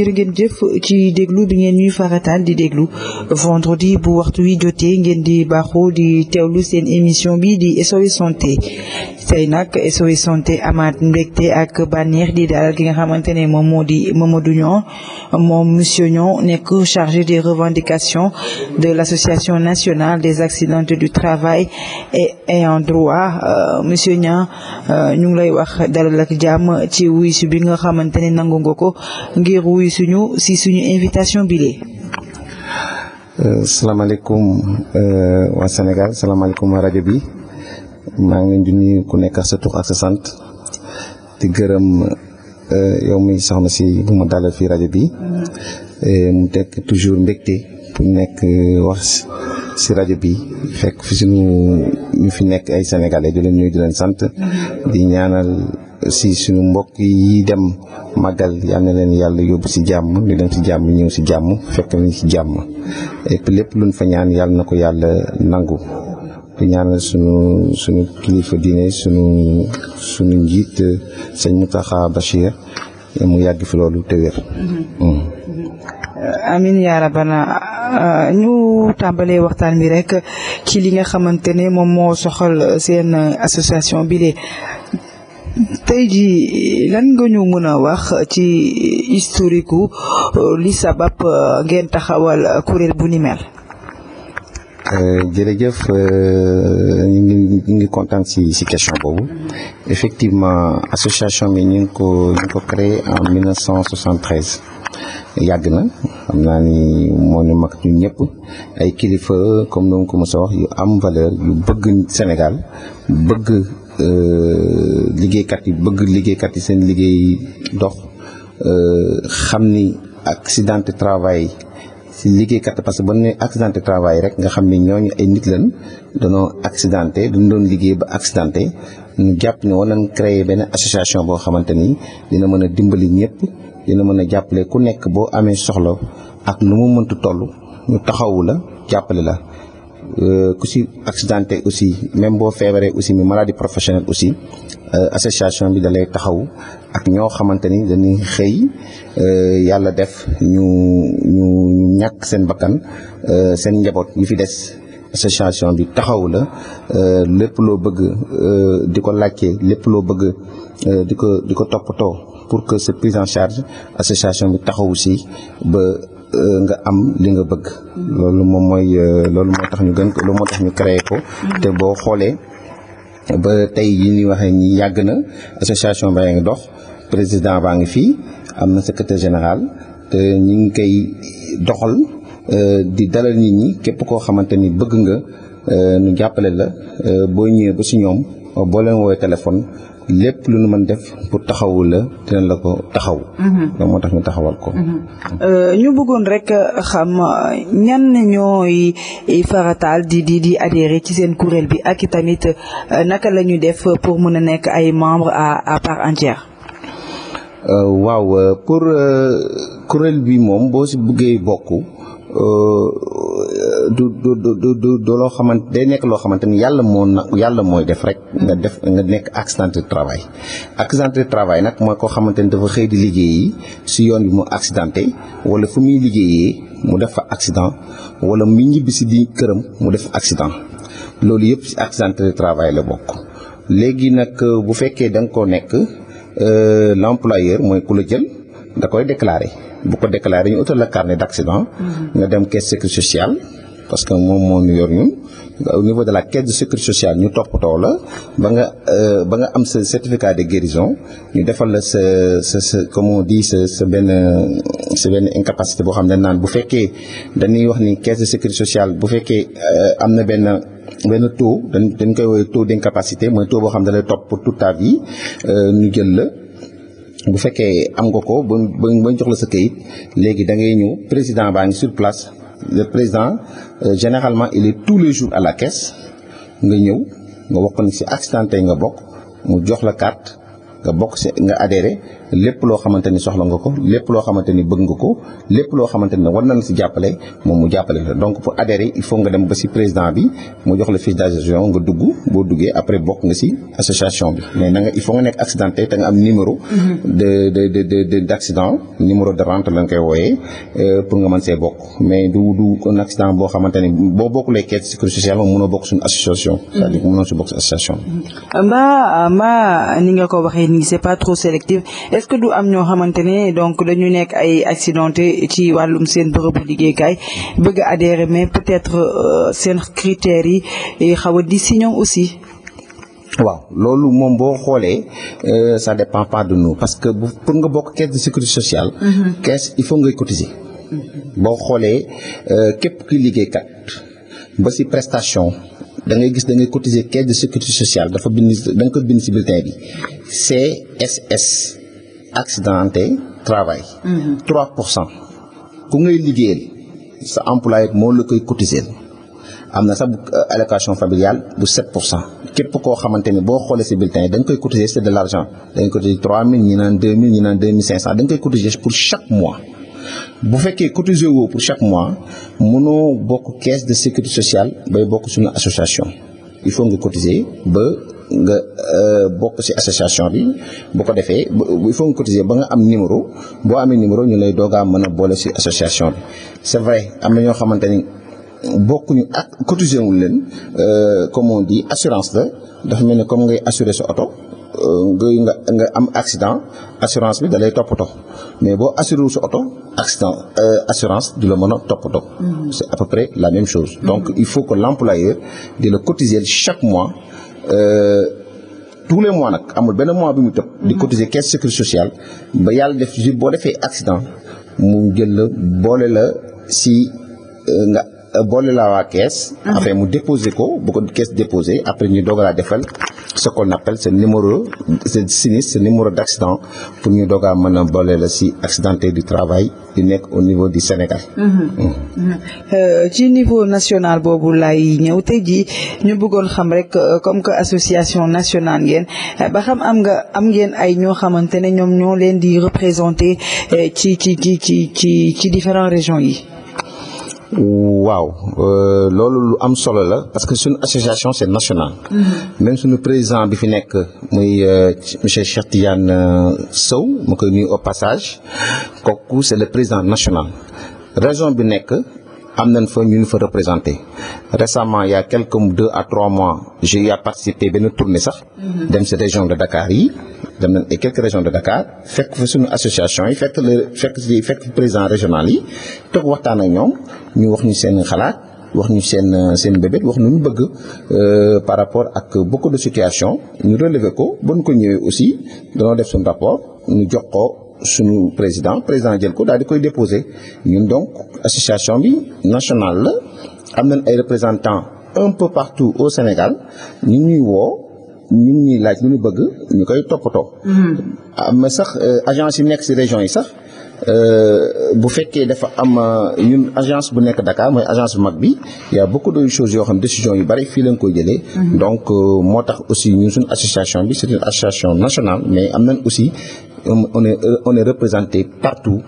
jërë ngeen jëf ci déglu bi ngeen ñuy farataan di déglu vendredi bu waxtu wi jotee ngeen di baaxoo di teewlu seen émission bi di SOS santé tey nag SOS santé amaat mbégte ak bànneex di dalal ki nga xamante ne moom moo di Mamadou moom monsieur Niang nekk chargé des revendications de l'association nationale des accidentés du travail et ayant droit euh, monsieur Niang euh, ñu ngi lay wax dalal jàmm ci wuy bi nga xamante ne nangu nga ko wuy suñu si suñu invitation bile. Euh, salaamaaleykum euh, waa Sénégal salaamaaleykum waa rajo bi maa ngi di ku nekk sa tur ak sa sant di gërëm euh, yow mi soxna si mu ma dalal fii rajo bi mu tekk toujours mbégte pour nekk wax si rajo bi fekk fi suñu ñu fi nekk ay sénégalais di leen nuyu di leen sant di ñaanal. si suñu mbokk yi dem màggal yal na leen yàlla yóbbu si jàmm ñu dem ci jàmm ñëw si jàmm fekk nañ si jàmm et lépp luñ fa ñaan yàlla na ko yàlla nangu di ñaanal suñu suñu kilifa diine suñu suñu njiit sëñ Mountakha Bachir mu yàgg fi loolu te wér mm-hmm. Mm. Mm-hmm. amin yaa rabana ah, ñu tàmbalee waxtaan bi rek ci li nga xamante ne moom moo soxal seen association bi tey jii lan nga ñu mën a wax ci historique euh, li sabab euh, ngeen taxawal kuréel bu ni mel. Euh, jërëjëf ñu ngi ñu ngi kontaan si si question boobu effectivement association bi ñu ngi ko ñu ko créé en 1973. yàgg na xam naa ni moo ñu mag ñu ñëpp ay kilifa comme ni ko mos a wax yu am valeur yu bëgg Sénégal bëgg Euh, liggéeykat yi bëgg liggéeykat yi seen liggéey dox euh, xam ni accident de si liggéeykat parce que ba ñu nee accident de rek nga xam ni ñooñu ay nit lañ danoo accidenté duñ doon liggéey ba accidenté ñu jàpp ne war nañ créer benn association boo xamante ni dina mën a dimbali ñëpp dina mën a jàppale ku nekk boo amee soxla ak nu mu mënt toll ñu taxawu la jàppale la. Euh, ku si accidente aussi même boo feebaree aussi mi maladie professionnelle aussi euh, association bi dalay lay taxaw ak ñoo xamante ni dañuy xëy euh, yàlla def ñu ñu ñàkk seen bakkan seen njaboot yi fi des association bi taxaw la lépp loo bëgg di ko laajte lépp loo bëgg di ko di ko toppatoo pour que cette prise en charge association bi taxawu si ba nga am li nga bëgg. loolu moom mooy loolu moo tax ñu gën ko loolu moo tax ñu créé ko. te boo xoolee ba tey yi ñuy waxee ñi yàgg na association baa ngi dox président baa ngi fii am na secretaire général te ñu ngi koy doxal euh, di dalal nit ñi képp koo xamante ni bëgg nga nu euh, jàppale la euh, boo ñëwee ba si ñoom boo leen woowee téléphone. lépp lu nu mën def pour taxawu la dinañ la ko taxaw mhm. loolu moo tax ñu taxawal ko mhm. euh, ñu bëggoon rek euh, xam euh, ñan ñooy farataal di di di adhéré ci seen kuréel bi ak i tamit naka la def pour mën a nekk ay membre à à part entière waaw pour kuréel bi moom boo si bëggee bokk du du du du loo xamante day nekk loo xamante ni yàlla moo na yàlla mooy def rek nga def nga nekk accident de travail accident de travail nag moo koo xamante ni dafa xëy di liggéeyi si yoon bi mu accidenté wala fu muy liggéeyee mu def fa accident wala mu ñibbi si di këram mu def accident loolu yëpp si accident de travail la bokk léegi nag euh, bu fekkee da nga koo nekk euh, l'employeur mooy ku la jël da koy déclarer bu ko déclarer ñu utal la carnet parce que moom moo ñu yor ñun au niveau de la caisse de sécurité sociale ñu toppatoo la ba nga euh, ba nga am sa certificat de guérison ñu defal la sa sa sa comme on dit sa benn incapacité boo xam ne naan bu fekkee dañuy wax ni caisse de sécurité sociale bu fekkee euh, am na benn benn taux dañ dañ koy woowee taux d'incapacité mooy taux boo xam ne da topp pour toute ta vie euh, ñu jël la. bu fekkee am nga ko ba ba jox la sa kayit léegi da ngay ñëw président baa ngi sur place le président euh, généralement il est tous les jours à la caisse nga ñëw nga wax ko ni si accidenté nga bokk mu jox la carte nga bokk si nga adhéré lépp loo xamante ni soxla nga ko lépp loo xamante ni bëgg nga ko lépp loo xamante war na si jàppale moom mu jàppale la donc pour adhérer il faut nga dem ba si président bi mu jox la fiche d'adhésion nga dugg boo duggee après bokk nga si association bi mais d' accident mm-hmm. numéro de euh, du du accident boo xamante ni boo bokkulee caisse sécurité sociale moom mënoo bokk suñu association mm-hmm. cest à bokk si association mm-hmm. mbaa mbaa ni nga ko waxee nii c'est pas trop sélectif est-ce que du am ñoo xamante ne donc dañu nekk ay accidenté ci wàllum seen bërëbu liggéeykaay bëgg a adhérer mais peut-être euh, seen critères yi xaw a di si ñoom aussi. waaw loolu moom boo xoolee euh, ça dépend pas de nous parce que pour nga bokk caisse de sécurité sociale. Mhm. caisse il faut ngay cotiser. Mhm. boo xoolee euh, képp ki liggéeykat ba si prestation. da ngay gis da ngay cotiser caisse de sécurité sociale dafa bind da nga si bind ci bi CSS accidenté travail. Mhm. trois pour cent ku ngay liggéeyal sa employeur moo la koy cotiser am na sax bu euh, allocation familiale bu sept pour cent képp koo xamante ni boo xoolee si bulletin yi dañ koy cotiser c'est de l'argent dañ koy cotiser trois mille ñi naan deux mille ñi naan pour chaque mois. bu fekkee cotiser woo pour chaque mois mënoo bokk caisse de sécurité sociale bay bokk suñu association il faut nga cotiser ba. nga euh, bokk ci association bi bu ko defee il faut nga cotiser ba nga am numéro boo amee numéro ñu lay doogaa mën a boole ci association bi c'est vrai am na ñoo xamante ni bokkuñu ak cotiser wul leen euh, comme on dit assurance la dafa mel ni comme ngay assurer sa oto euh, ngay nga nga am accident assurance bi da lay toppatoo mais boo assuré sa oto accident assurance di la mën a toppatoo. Mm-hmm. c'est à peu la même chose. donc mm-hmm. il faut que l'employeur di la cotiser chaque mois. Euh, tous les mois nag amul benn mois bi mu tëb. di cotiser caisse sécurité sociale ba yàlla def jur boo defee accident mu jël la boole la si euh, nga. boole la waa caisse. Ah. après mu déposé ko bu ko caisse déposé après ñu doog laa defal ce qu'on appelle ce numéro ce sinistre ce numéro d' pour ñu doog a mën a boole la si accidenté du travail di nekk au niveau du Sénégal. Mhm. Mhm. Mhm. Euh, ci niveau national boobu lay ñëw tey ji ñu bëggoon xam rek euh, comme que association nationale ngeen euh, ba xam am nga am ngeen ay ñoo xamante ne ñoom ñoo leen di représenter ci ci ci ci ci ci différentes régions yi. waaw euh, loolu lu am solo la parce que suñu association c'est national. Mm-hmm. même suñu président bi fi nekk muy euh, monsieur Cheikh Tidiane euh, Sow ma koy nuyu au passage kooku c'est le président national raison bi nekk. am nañ fa ñu ñu fa représenté récemment il y a quelques deux à trois mois j'ai eu à participer benn tournée sax. Mm-hmm. dem ci région de Dakar yi dem nañ ay quelques régions de Dakar fekk fa suñu association yi fekk le fekk si fekk président régional yi waxtaan ak ñoom ñu wax ñu seen xalaat wax ñu seen seen bébét wax nu ñu bëgg euh, par rapport ak beaucoup situation ñu relever ko ba ko ñëwee aussi danoo def suñu rapport ñu jox ko suñu président président jël ko daal di koy déposé ñun donc association bi national la am nañ ay représentant un peu partout au Sénégal ñu ñuy woo. ñu ñuy laaj lu ñu bëgg ñu koy toppatoo. Mm-hmm. am na sax euh, agence yi nekk ci région yi sax euh, bu fekkee dafa am euh, ñun agence bu nekk Dakar mooy agence bu mag bi yaa a beaucoup de yoo xam décision yu bari fii lañ koy jëlee. Mm-hmm. donc moo tax aussi ñun suñu association bi c'est une association nationale mais am nañ aussi on on est représenté partout.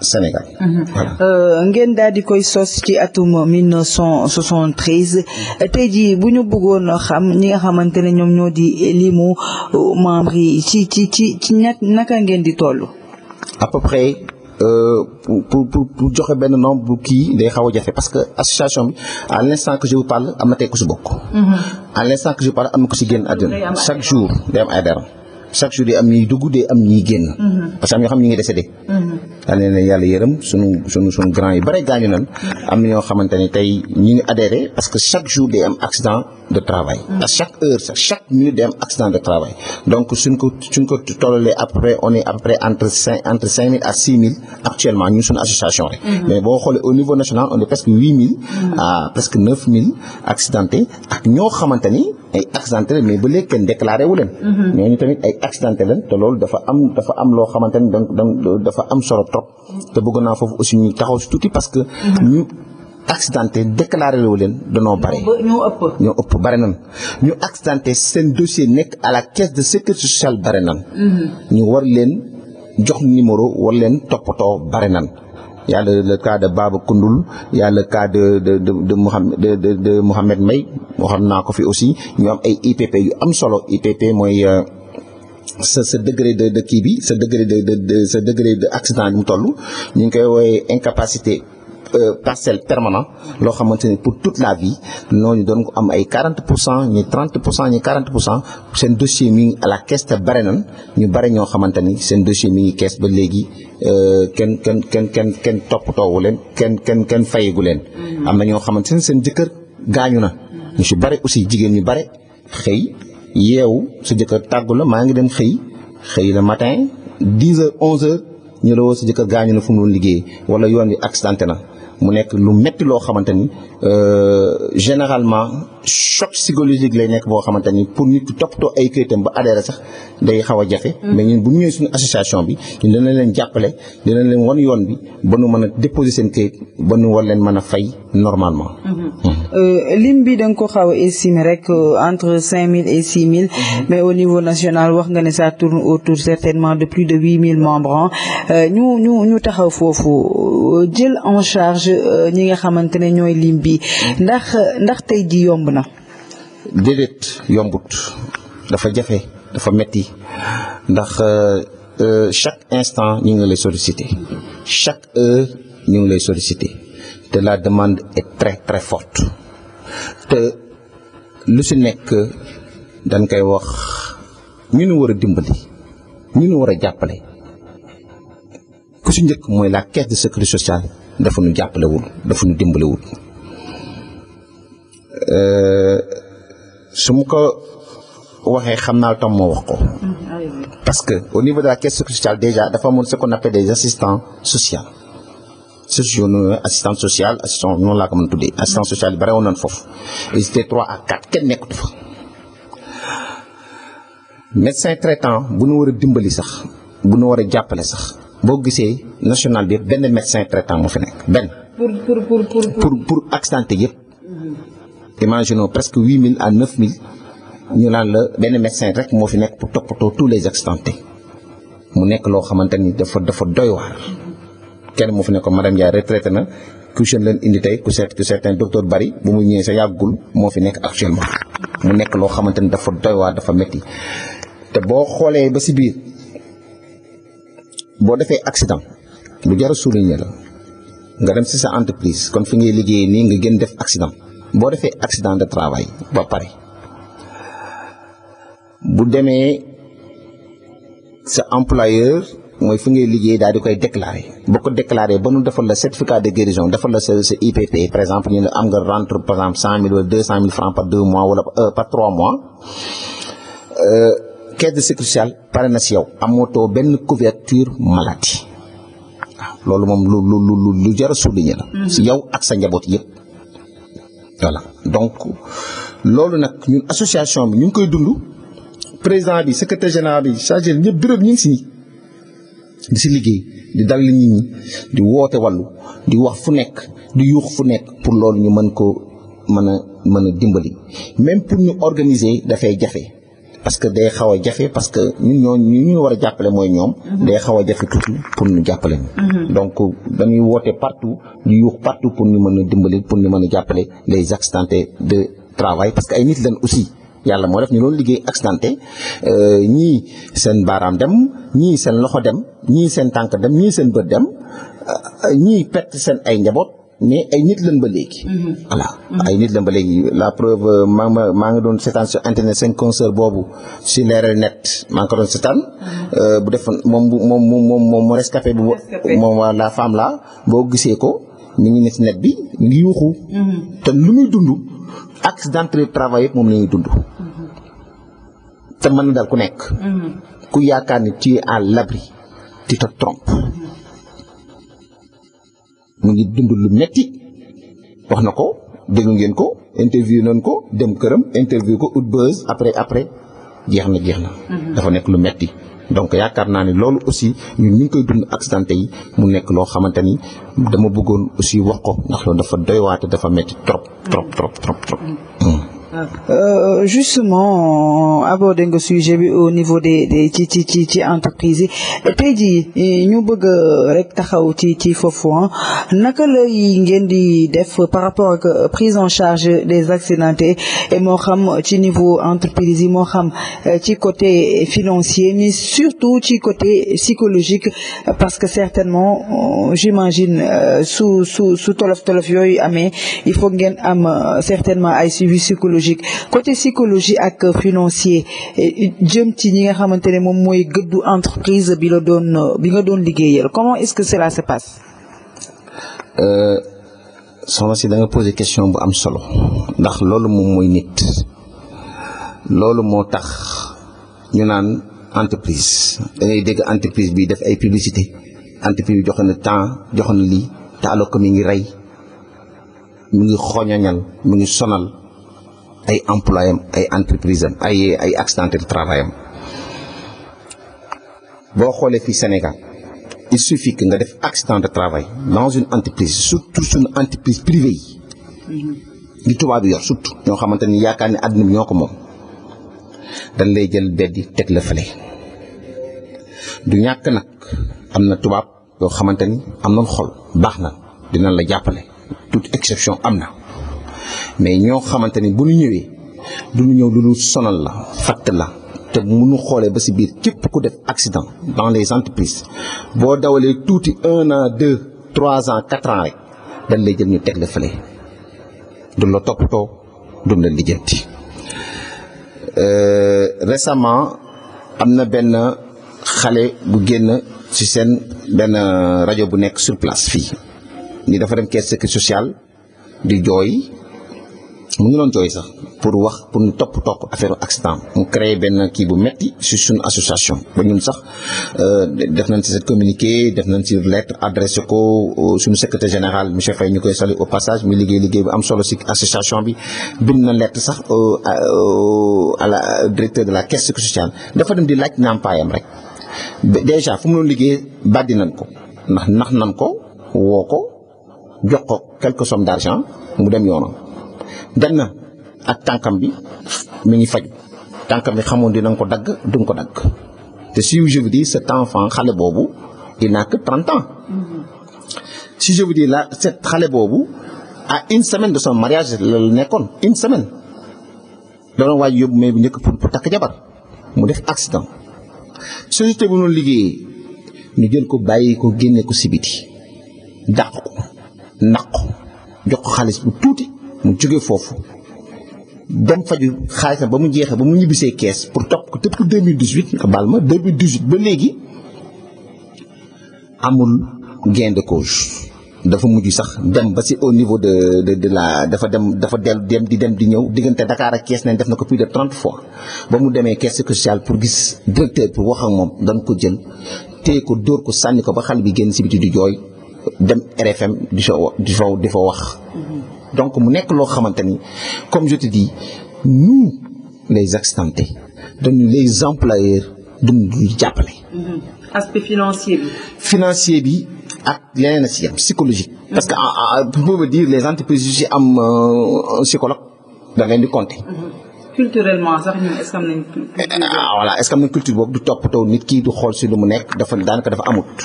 Sénégal. Mhm. voilà euh, ngeen daal di koy sos ci atum 1973 tey jii bu ñu bëggoon xam ñi nga xamante ne ñoom ñoo di limu membres yi ci ci ci ci naka ngeen di toll. à peu près euh, pour pour pour joxe benn nombre bu kii day xaw a jafe parce que association bi à l'instant que je parle am na tey ku si bokk. Mhm. à l'instant que je parle am na ku si génn àddina. chaque jour day am ay dara chaque jour day am ñuy dugg day am ñuy génn. Mhm. parce que am ñoo xam ne ñu ngi décédé. yàlla na leen yàlla yërëm sunu sunu sunu grand yi bare gaañu nan am na ñoo xamante tey ñu ngi adhéré parce que chaque jour day am accident de travail. Mm. à chaque heure sax chaque minute day am accident de travail donc suñ ko tollalee après entre cinq entre six mille actuellement ñun suñu association rek. Mm-hmm. mais boo xoolee au niveau national on est presque huit mille. Mm-hmm. à ak ñoo xamante ay accidenté lañ mais ba kenn déclaré wu leen. Mm-hmm. ñooñu tamit ay accidenté topp te bëgg naa foofu aussi ñu taxaw si tuuti parce que ñu accidenté déclaré wu leen danoo bare ñoo ëpp bare nan ñu accidenté seen dossier nekk à la caisse de sécurité sociale bare nan mhm. ñu war leen jox numéro war leen toppatoo bare nan yàlla a le, le cas de Baba Koundoul y a de de de de Mouhamed moo xam naa ko fi aussi ñu am ay IPP yu am solo IPP mooy. Euh, sa sa degré de de kii bi sa degré de de sa degré de accident bi mu toll ñu ngi koy woowee incapacité euh, partielle permanente loo xamante ne pour tout la vie nooñu doon ko am ay 40 pour cent ñi 30 pour cent ñi 40 pour cent seen dossier mi ngi à la caisse te nan ñu bare ñoo xamante ni seen dossier mi ngi caisse ba léegi euh, kenn kenn kenn kenn kenn toppatoowu leen kenn kenn kenn fayigu leen. Mm. am na ñoo xamante ne seen jëkkër gaañu na. Mm. ñu si bare aussi jigéen ñu bare xëy. yeewu sa jëkkër tàggu la maa ngi dem xëy xëy la matin 10 heures 11 ñu la woo sa jëkkër gaañu na fu mu liggéey wala yoon wi accidenté na mu nekk lu metti loo xamante ni euh, généralement choc psychologique lay nekk boo xamante ni pour nit toppatoo ay këyitam ba adhéré sax day xaw a jafe. Mm. mais ñun bu ñu ñëwee suñu association bi ñun dina leen jàppale dina leen wan yoon bi ba nu mën a déposer seen këyit ba nu war leen mën a fay normalement. Mm-hmm. Mm-hmm. Euh, lim bi da ko xaw a estimé rek euh, entre mille et six mille. Mm-hmm. mais au niveau national wax nga ne ça tourne autour certainement de plus de huit euh, ñu ñu ñu taxaw foofu jël en charge ñi nga xamante ne ñooy lim bi ndax ndax déedéet yombut dafa jafe dafa metti ndax euh, euh, chaque instant ñu ngi lay solliciter chaque heure ñu ngi lay solliciter te la demande est très très forte te lu si nekk dañ koy wax ñu nu war a dimbali ñu nu war a jàppale ku si njëkk mooy la caisse de sécurité sociale dafa nu jàppalewul dafa nu dimbalewul. Euh, su ma ko waxee xam naa tam moo wax ko. parce que au niveau de la caisse sociale déjà dafa amoon ce qu'on appelle des assistants sociaux. sociaux non assistante sociale assistant noonu laa ko mën tuddee assistant sociale yi bare woon nañ foofu. ils étaient trois à quatre kenn nekkatu fa. médecin traitant bu nu war a dimbali sax bu nu war a jàppale sax boo gisee national bi yëpp benn médecin traitant moo fi nekk benn. pour pour pour pour pour accidenté imaginons presque huit mille à neuf ñu naan la benn médecin rek moo fi nekk pour toppatoo tous les accidentés mu nekk loo xamante ni dafa dafa doy waar kenn moo fi nekkoon madame Ndiaye retraité na ku jeune leen indi tey ku seet ku certain docteur Bari bu mu ñëwee sa yàggul moo fi nekk actuellement mu nekk loo xamante ni dafa doy dafa métti te boo xoolee ba si biir boo defee accident lu jar a souligner la nga dem si sa entreprise kon fi ngay liggéeyee nii nga gën def accident. boo defee accident de travail ba pare bu demee sa employeur mooy fi ngay liggéey daal di koy déclarer boo ko déclarer ba nu defal la certificat de guérison defal la sa sa IPP par exemple ñu ne am nga rentre par exemple cent mille wala deux francs par deux mois wala euh, par trois mois euh, caisse de sécurité pare na si yow amootoo benn couverture maladie waaw loolu moom lu lu lu lu jar a souligner la. Mm-hmm. yow ak sa njaboot yëpp. voilà donc loolu nag ñun association bi ñu ngi koy dund président bi secrétaire général bi chargé ñëpp bureau bi ñu si nii di si liggéey di dal nit ñi di woote wàllu di wax fu nekk di yuux fu nekk pour loolu ñu mën ko mën a mën a dimbali même pour ñu organiser dafay jafe. parce que day xaw a jafe parce que ñu ñoo ñu ñu war a jàppale mooy ñoom mm-hmm. day xaw a jafe tuuti pour ñu jàppale ñu mm-hmm. donc dañuy woote partout ñu yuux partout pour ñu mën a dimbali pour ñu mën a jàppale les accidentés de travail parce que ay nit lañ aussi yàlla moo def ñu loolu liggéey accidenté euh, ñii seen baaraam dem ñii seen loxo dem ñii seen tànk dem ñii seen bët dem euh, ñii perte seen ay njaboot mais ay nit lañ ba léegi. Mhm. voilà mhm. ay nit lañ ba léegi la preuve maa ma maa ngi doon seetaan sur internet seen concert boobu si leeral net maa ngi ko doon seetaan. Mhm. Euh, bu def moom moom moom moom rescapé bu moom la femme là boo gisee ko mi ngi ne bi yuuxu. te lu muy dund accident de travail moom la ñuy dund. te mën na dal ku nekk. ku yaakaar ni ci es à l'abri tu mu ngi dund lu metti wax na ko dégg ngeen ko interview noonu ko dem këram interview ko ut buzz après après jeex na jeex na. Mhm. dafa nekk lu metti donc yaakaar naa ne loolu aussi ñun ñu ngi koy dund accidenté yi mu nekk loo xamante ni dama bëggoon aussi wax ko ndax loolu dafa doy waate dafa metti trop trop trop trop trop. Mhm. Hmm. Euh, justement abordé nga sujet bi au niveau des des ci ci ci ci entreprise yi tey jii ñu bëgg rek taxaw ci ci foofu naka lay ngeen di def par rapport ak prise en charge des accidentés et moo xam ci niveau entreprise yi moo xam euh, ci côté financier mais surtout ci côté psychologique parce que certainement euh, j'imagine su su su tolof tolof yooyu amee il faut ngeen am certainement ay suivi psychologique psychologique côté psychologie ak financier eh, jëm ci ñi nga xamante ne moom mooy gëddu entreprise bi la doon bi nga doon liggéeyal comment est-ce que cela se passe. Euh, soxna si da nga posé question bu am solo ndax loolu moom mooy nit loolu moo tax ñu naan entreprise da ngay dégg entreprise bi def ay publicité entreprise bi joxe na temps joxe na lii te alors que mi ngi rey mu ngi xoñañal mi ngi sonal. ay employé am ay entreprise am ay ay accidentaire travail am boo xoolee fii Sénégal il suffit que nga def accident de travail dans une entreprise surtout suñu entreprise privée yi mm-hmm. li tubaab bi yor surtout ñoo xamante ni yaakaar ne àddina bi ñoo ko moom dañ lay jël beddi teg la fële du ñàkk nag am na tubaab yoo xamante ni am na xol baax na dinañ la jàppale toute exception am na mais ñoo xamante ni bu ñu ñëwee du ñu ñëw lu ñu sonal la fatt la te mu nu xoolee ba si biir képp ku def accident dans les entreprises boo dawalee tuuti un an deux trois ans quatre rek dañ lay jël ñu teg la fële du la toppatoo duñ la lijjanti. Euh, récemment am na benn xale bu génn ci seen benn rajo bu nekk sur place fii ni dafa dem caisse sécurité sociale di jooy. mu ngi doon jooy sax pour wax pour ñu topp topp affaire accident mu créé benn kii bu metti si suñu association ba ñun sax euh, def nañ si cette communiqué def nañ si lettre adressé ko euh, suñu secrétaire général monsieur Faye ñu koy saluer au passage muy liggéey liggéey bu am solo si association bi bind na lettre sax euh, à la directeur de la caisse sociale dafa dem di laaj nampaayam rek déjà fu mu doon liggéey bàddi nañ ko ndax nax nañ ko woo ko jox ko quelque somme mu dem yoonam benn ak tànkam bi mu ngi faju tànkam bi xamoon dinañ ko dagg duñ ko dagg te si je vous dis cet enfant xale boobu il n'a que trente ans si je vous dis xale boobu a une semaine de son mariage la nekkoon une semaine danoon waaj yóbbu mais bu njëkk pour pour takk jabar mu def accident société bu noonu liggéeyee ñu jël ko bàyyi ko génne ko sibiti dàq ko naq jox ko xaalis bu tuuti mu jóge foofu dem faju xaalisam ba mu jeexee ba mu ñibbisee kees pour topp ko depuis 2018 nga baal ma 2018 ba léegi amul gain de cause dafa mujj sax dem ba si au niveau de de de dafa dem dafa dellu dem di dem di ñëw diggante Dakar ak Kees nañ def na ko plus de trente fois ba mu demee caisse sociale pour gis directeur pour wax ak moom dan ko jël te ko dóor ko sànni ko ba xale bi génn si biti di jooy dem RFM di fa di fa wax. Mm-hmm. donc mu nekk loo xamante ni comme je te dis nous les accidentés dañu les employeurs jàppale. Mm-hmm. aspect financier bi. financier bi ak leneen a si mm-hmm. parce que ah, ah, ah, pour me les entreprises yu si am euh, un psychologue da leen di compter. Mm-hmm. culturellement sax ñun est-ce que am nañ. Eh, eh, culture boobu du toppatoo nit kii du xool si lu mu nekk dafa daanaka dafa amut.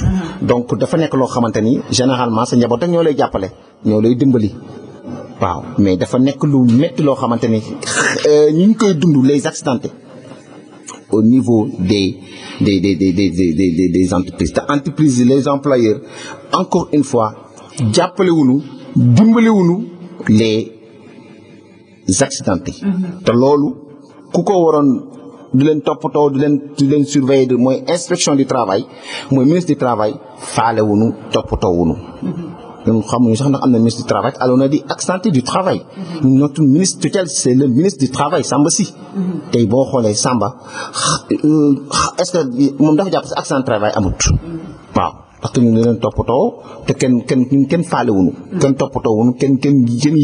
donc dafa nekk loo xamante ni généralement sa njaboot ak ñoo lay jàppale ñoo lay dimbali waaw mais dafa nekk lu métti loo xamante ne euh, ñu ngi koy dund les accidentés au niveau des des des des des des entreprises te entreprises yi les employeurs encore une fois jàppalewuñu dimbaliwuñu les accidentés. Mm-hmm. te loolu ku ko waroon di leen toppatoo di leen di leen surveiller mooy inspection du travail mooy ministre du travail faalewuñu toppatoowuñu mm-hmm. ñun xamuñu sax ndax am na ministre du travail alors on a dit accentuer du travail. Mm-hmm. notre ministre tutelle c' est le ministre du travail Samba Sy. Mm-hmm. tey boo xoolee Samba est ce que moom dafa jàpp si accent travail amut. Mm-hmm. waaw parce que ñun dañu leen toppatoo te kenn kenn kenn faale wuñu. kenn kenn kenn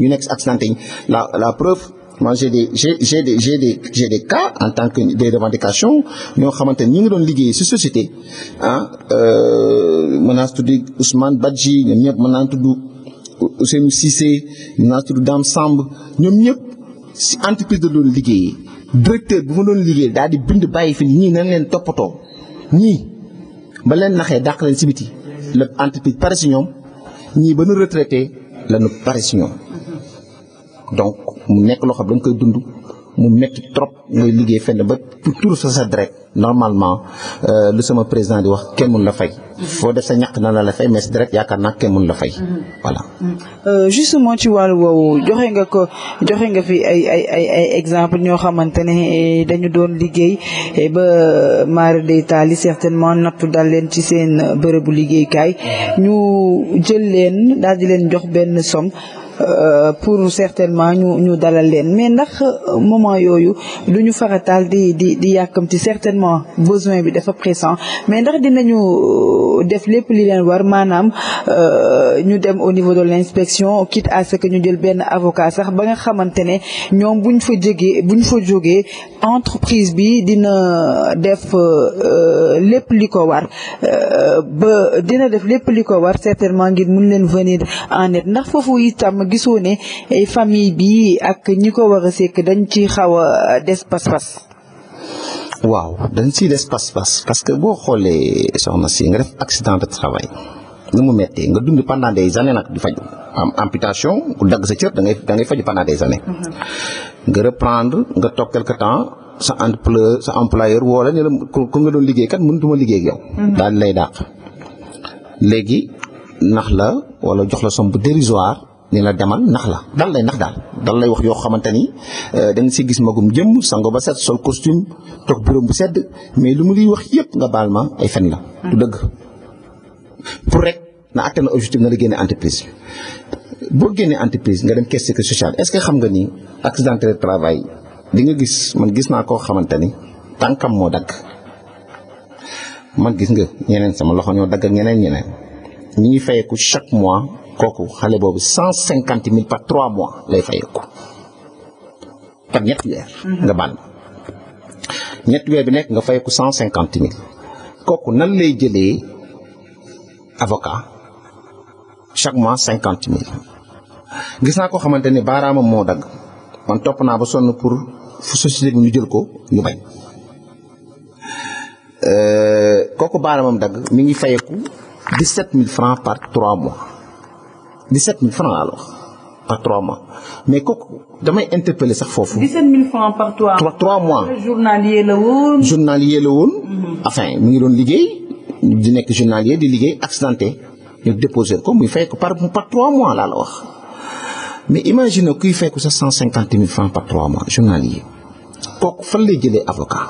ñu nekk si la preuve. man j'ai des j'ai j'ai des j'ai des en tant que de revendications ñoo xamante ni ñu ngi doon liggéey ci société ah euh, mën naa tudd Ousmane Badji ñoom ñëpp mën naa tudd Ousseynou Cissé mën naa tudd Samb ñoom ñëpp si entreprise da doon liggéey directeur bi ma doon liggéey daal di bind bàyyi fi ñii nañ leen toppatoo ñii ba leen naxee dàq leen ci biti la entreprise pare ñoom ñii ba nu retraité la nu pare ñoom mu nekk loo xam da nga koy dund mu metti trop ngay liggéey fenn ba tur sa sa deret normalement euh, lu sama président di wax kenn mun la fay. foo def sa ñaq na la la fay mais sa yaakaar naa kenn mun la fay. Mm-hmm. voilà. Mm-hmm. Euh, justement ci wàllu woowu joxe nga ko joxe nga fi ay ay ay ay exemple ñoo xamante ne eh, dañu doon liggéey eh, ba mara day taali certainement nattu dal leen ci seen bërëbu liggéeykaay ñu jël leen daal di leen jox benn somme. Euh, pour certainement ñu ñu dalal leen mais ndax euh, moment yooyu du ñu farataal di di di yàkkamti certainement besoin bi dafa pressant mais ndax dinañu euh, def lépp li leen war maanaam ñu dem au niveau de l'inspection quitte à ce que ñu jël benn avocat sax ba nga xamante ne ñoom buñ fa jógee buñ fa jógee entreprise bi dina def lépp li ko war ba dina def lépp li ko war certainement ngir mun leen venir en aide ndax foofu itam gisoo ne eh, famille bi ak ñi ko war a sekk dañ ci xaw a eh, des pas-pas. waaw dañ siy des pas-pas parce que boo xoolee eh, soxna si nga def accident de travail ni mu méttee nga dund pendant des années nag di faju am amputation ku dagg sa cër da ngay mhm. nga reprendre nga toog quelque temps. sa employeur sa employeur woo la ne la ku nga doon liggéey kat mënutuma liggéey ak yow. Mhm. daal lay dàq léegi nax la wala jox la somme bu dérisoire ni la demal nax la dal lay nax daal dal lay wax yoo xamante ni euh, da si gis magum jëm sango ba set sol costume toog bureau bu sedd mais lu ma liy wax yëpp nga baal ma ay fen la. Mm. du dëgg pour rek na atteindre objectif na la génne entreprise boo génnee entreprise nga dem caisse sécurité sociale est-ce que xam nga ni accidenté de travail di nga gis man gis naa koo xamante ni tànkam moo dagg man gis nga ñeneen sama loxo ñoo dagg ak ñeneen ñeneen ñi ngi fayeeku chaque mois. kooku xale boobu cent cinquante mille par trois mois lay fayeeku par ñetti mhm. bi nekk nga fayeeku cent cinquante mille kooku nan lay jëlee avocat chaque mois cinquante mille gis naa ko xamante ni baaraamam moo dagg man topp naa ba sonn pour fu ñu jël ko ñu bañ. Euh, kooku baaraamam dagg mi ngi fayeeku dix-sept mille francs par trois mois. 17000 francs alors par 3 mois mais kooku damay interpeller sax foofu. 17000 francs par 3 mois 3 mois. journalier la woon. journalier la woon. Mhm. enfin mu ngi doon liggéey di nekk journalier di liggéey accidenté ñu déposé ko muy fay ko par par 3 mois laa la wax mais imagine kuy fay ko sax 150000 francs par 3 mois journalier kooku fan lay jëlee avocat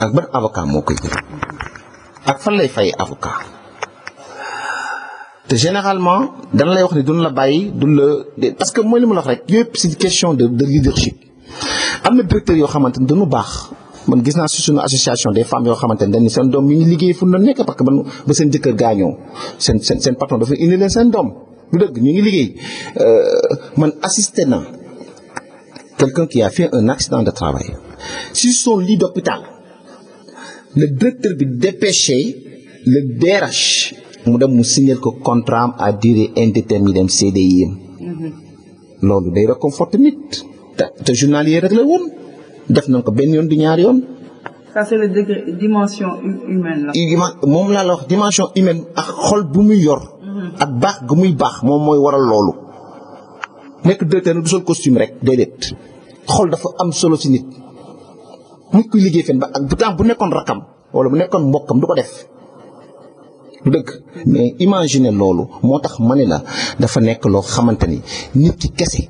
ak ban avoca moo koy jëlee ak fan lay fay avocat. te généralement dana lay wax ni duñ la bàyyi du la parce que mooy li ma la rek yëpp c'est question de de leadership am na directeur yoo xamante ni dañu baax man gis naa si suñu association des femmes yoo xamante ne dañ seen doom mi ngi liggéey fu ñu nekk parce que man ba seen jëkkër gaañoo seen seen seen patron seen doom lu ñu ngi liggéey euh, man assisté na quelqu'un qui a fait un accident de travail si son lit d'hôpital le directeur bi dépêché le DRH mu dem mu signer ko contrat am à durée indéterminée CDI am mhm. loolu day réconforté nit te te journalier rek la woon def na ko benn yoon du ñaar yoon. ça c'est le degré dimension humaine la. moom laa la wax humaine ak xol bu muy yor. Mhm. ak baax gu muy baax moom mooy waral loolu. nekk directeur du sol costume rek déedéet xol dafa am solo si nit. nit kuy liggéey fen ba ak bu tax bu nekkoon rakam wala bu nekkoon mbokkam du ko def. dëgg mais imaginer loolu moo tax ma ne la dafa nekk loo xamante ni nit ki kese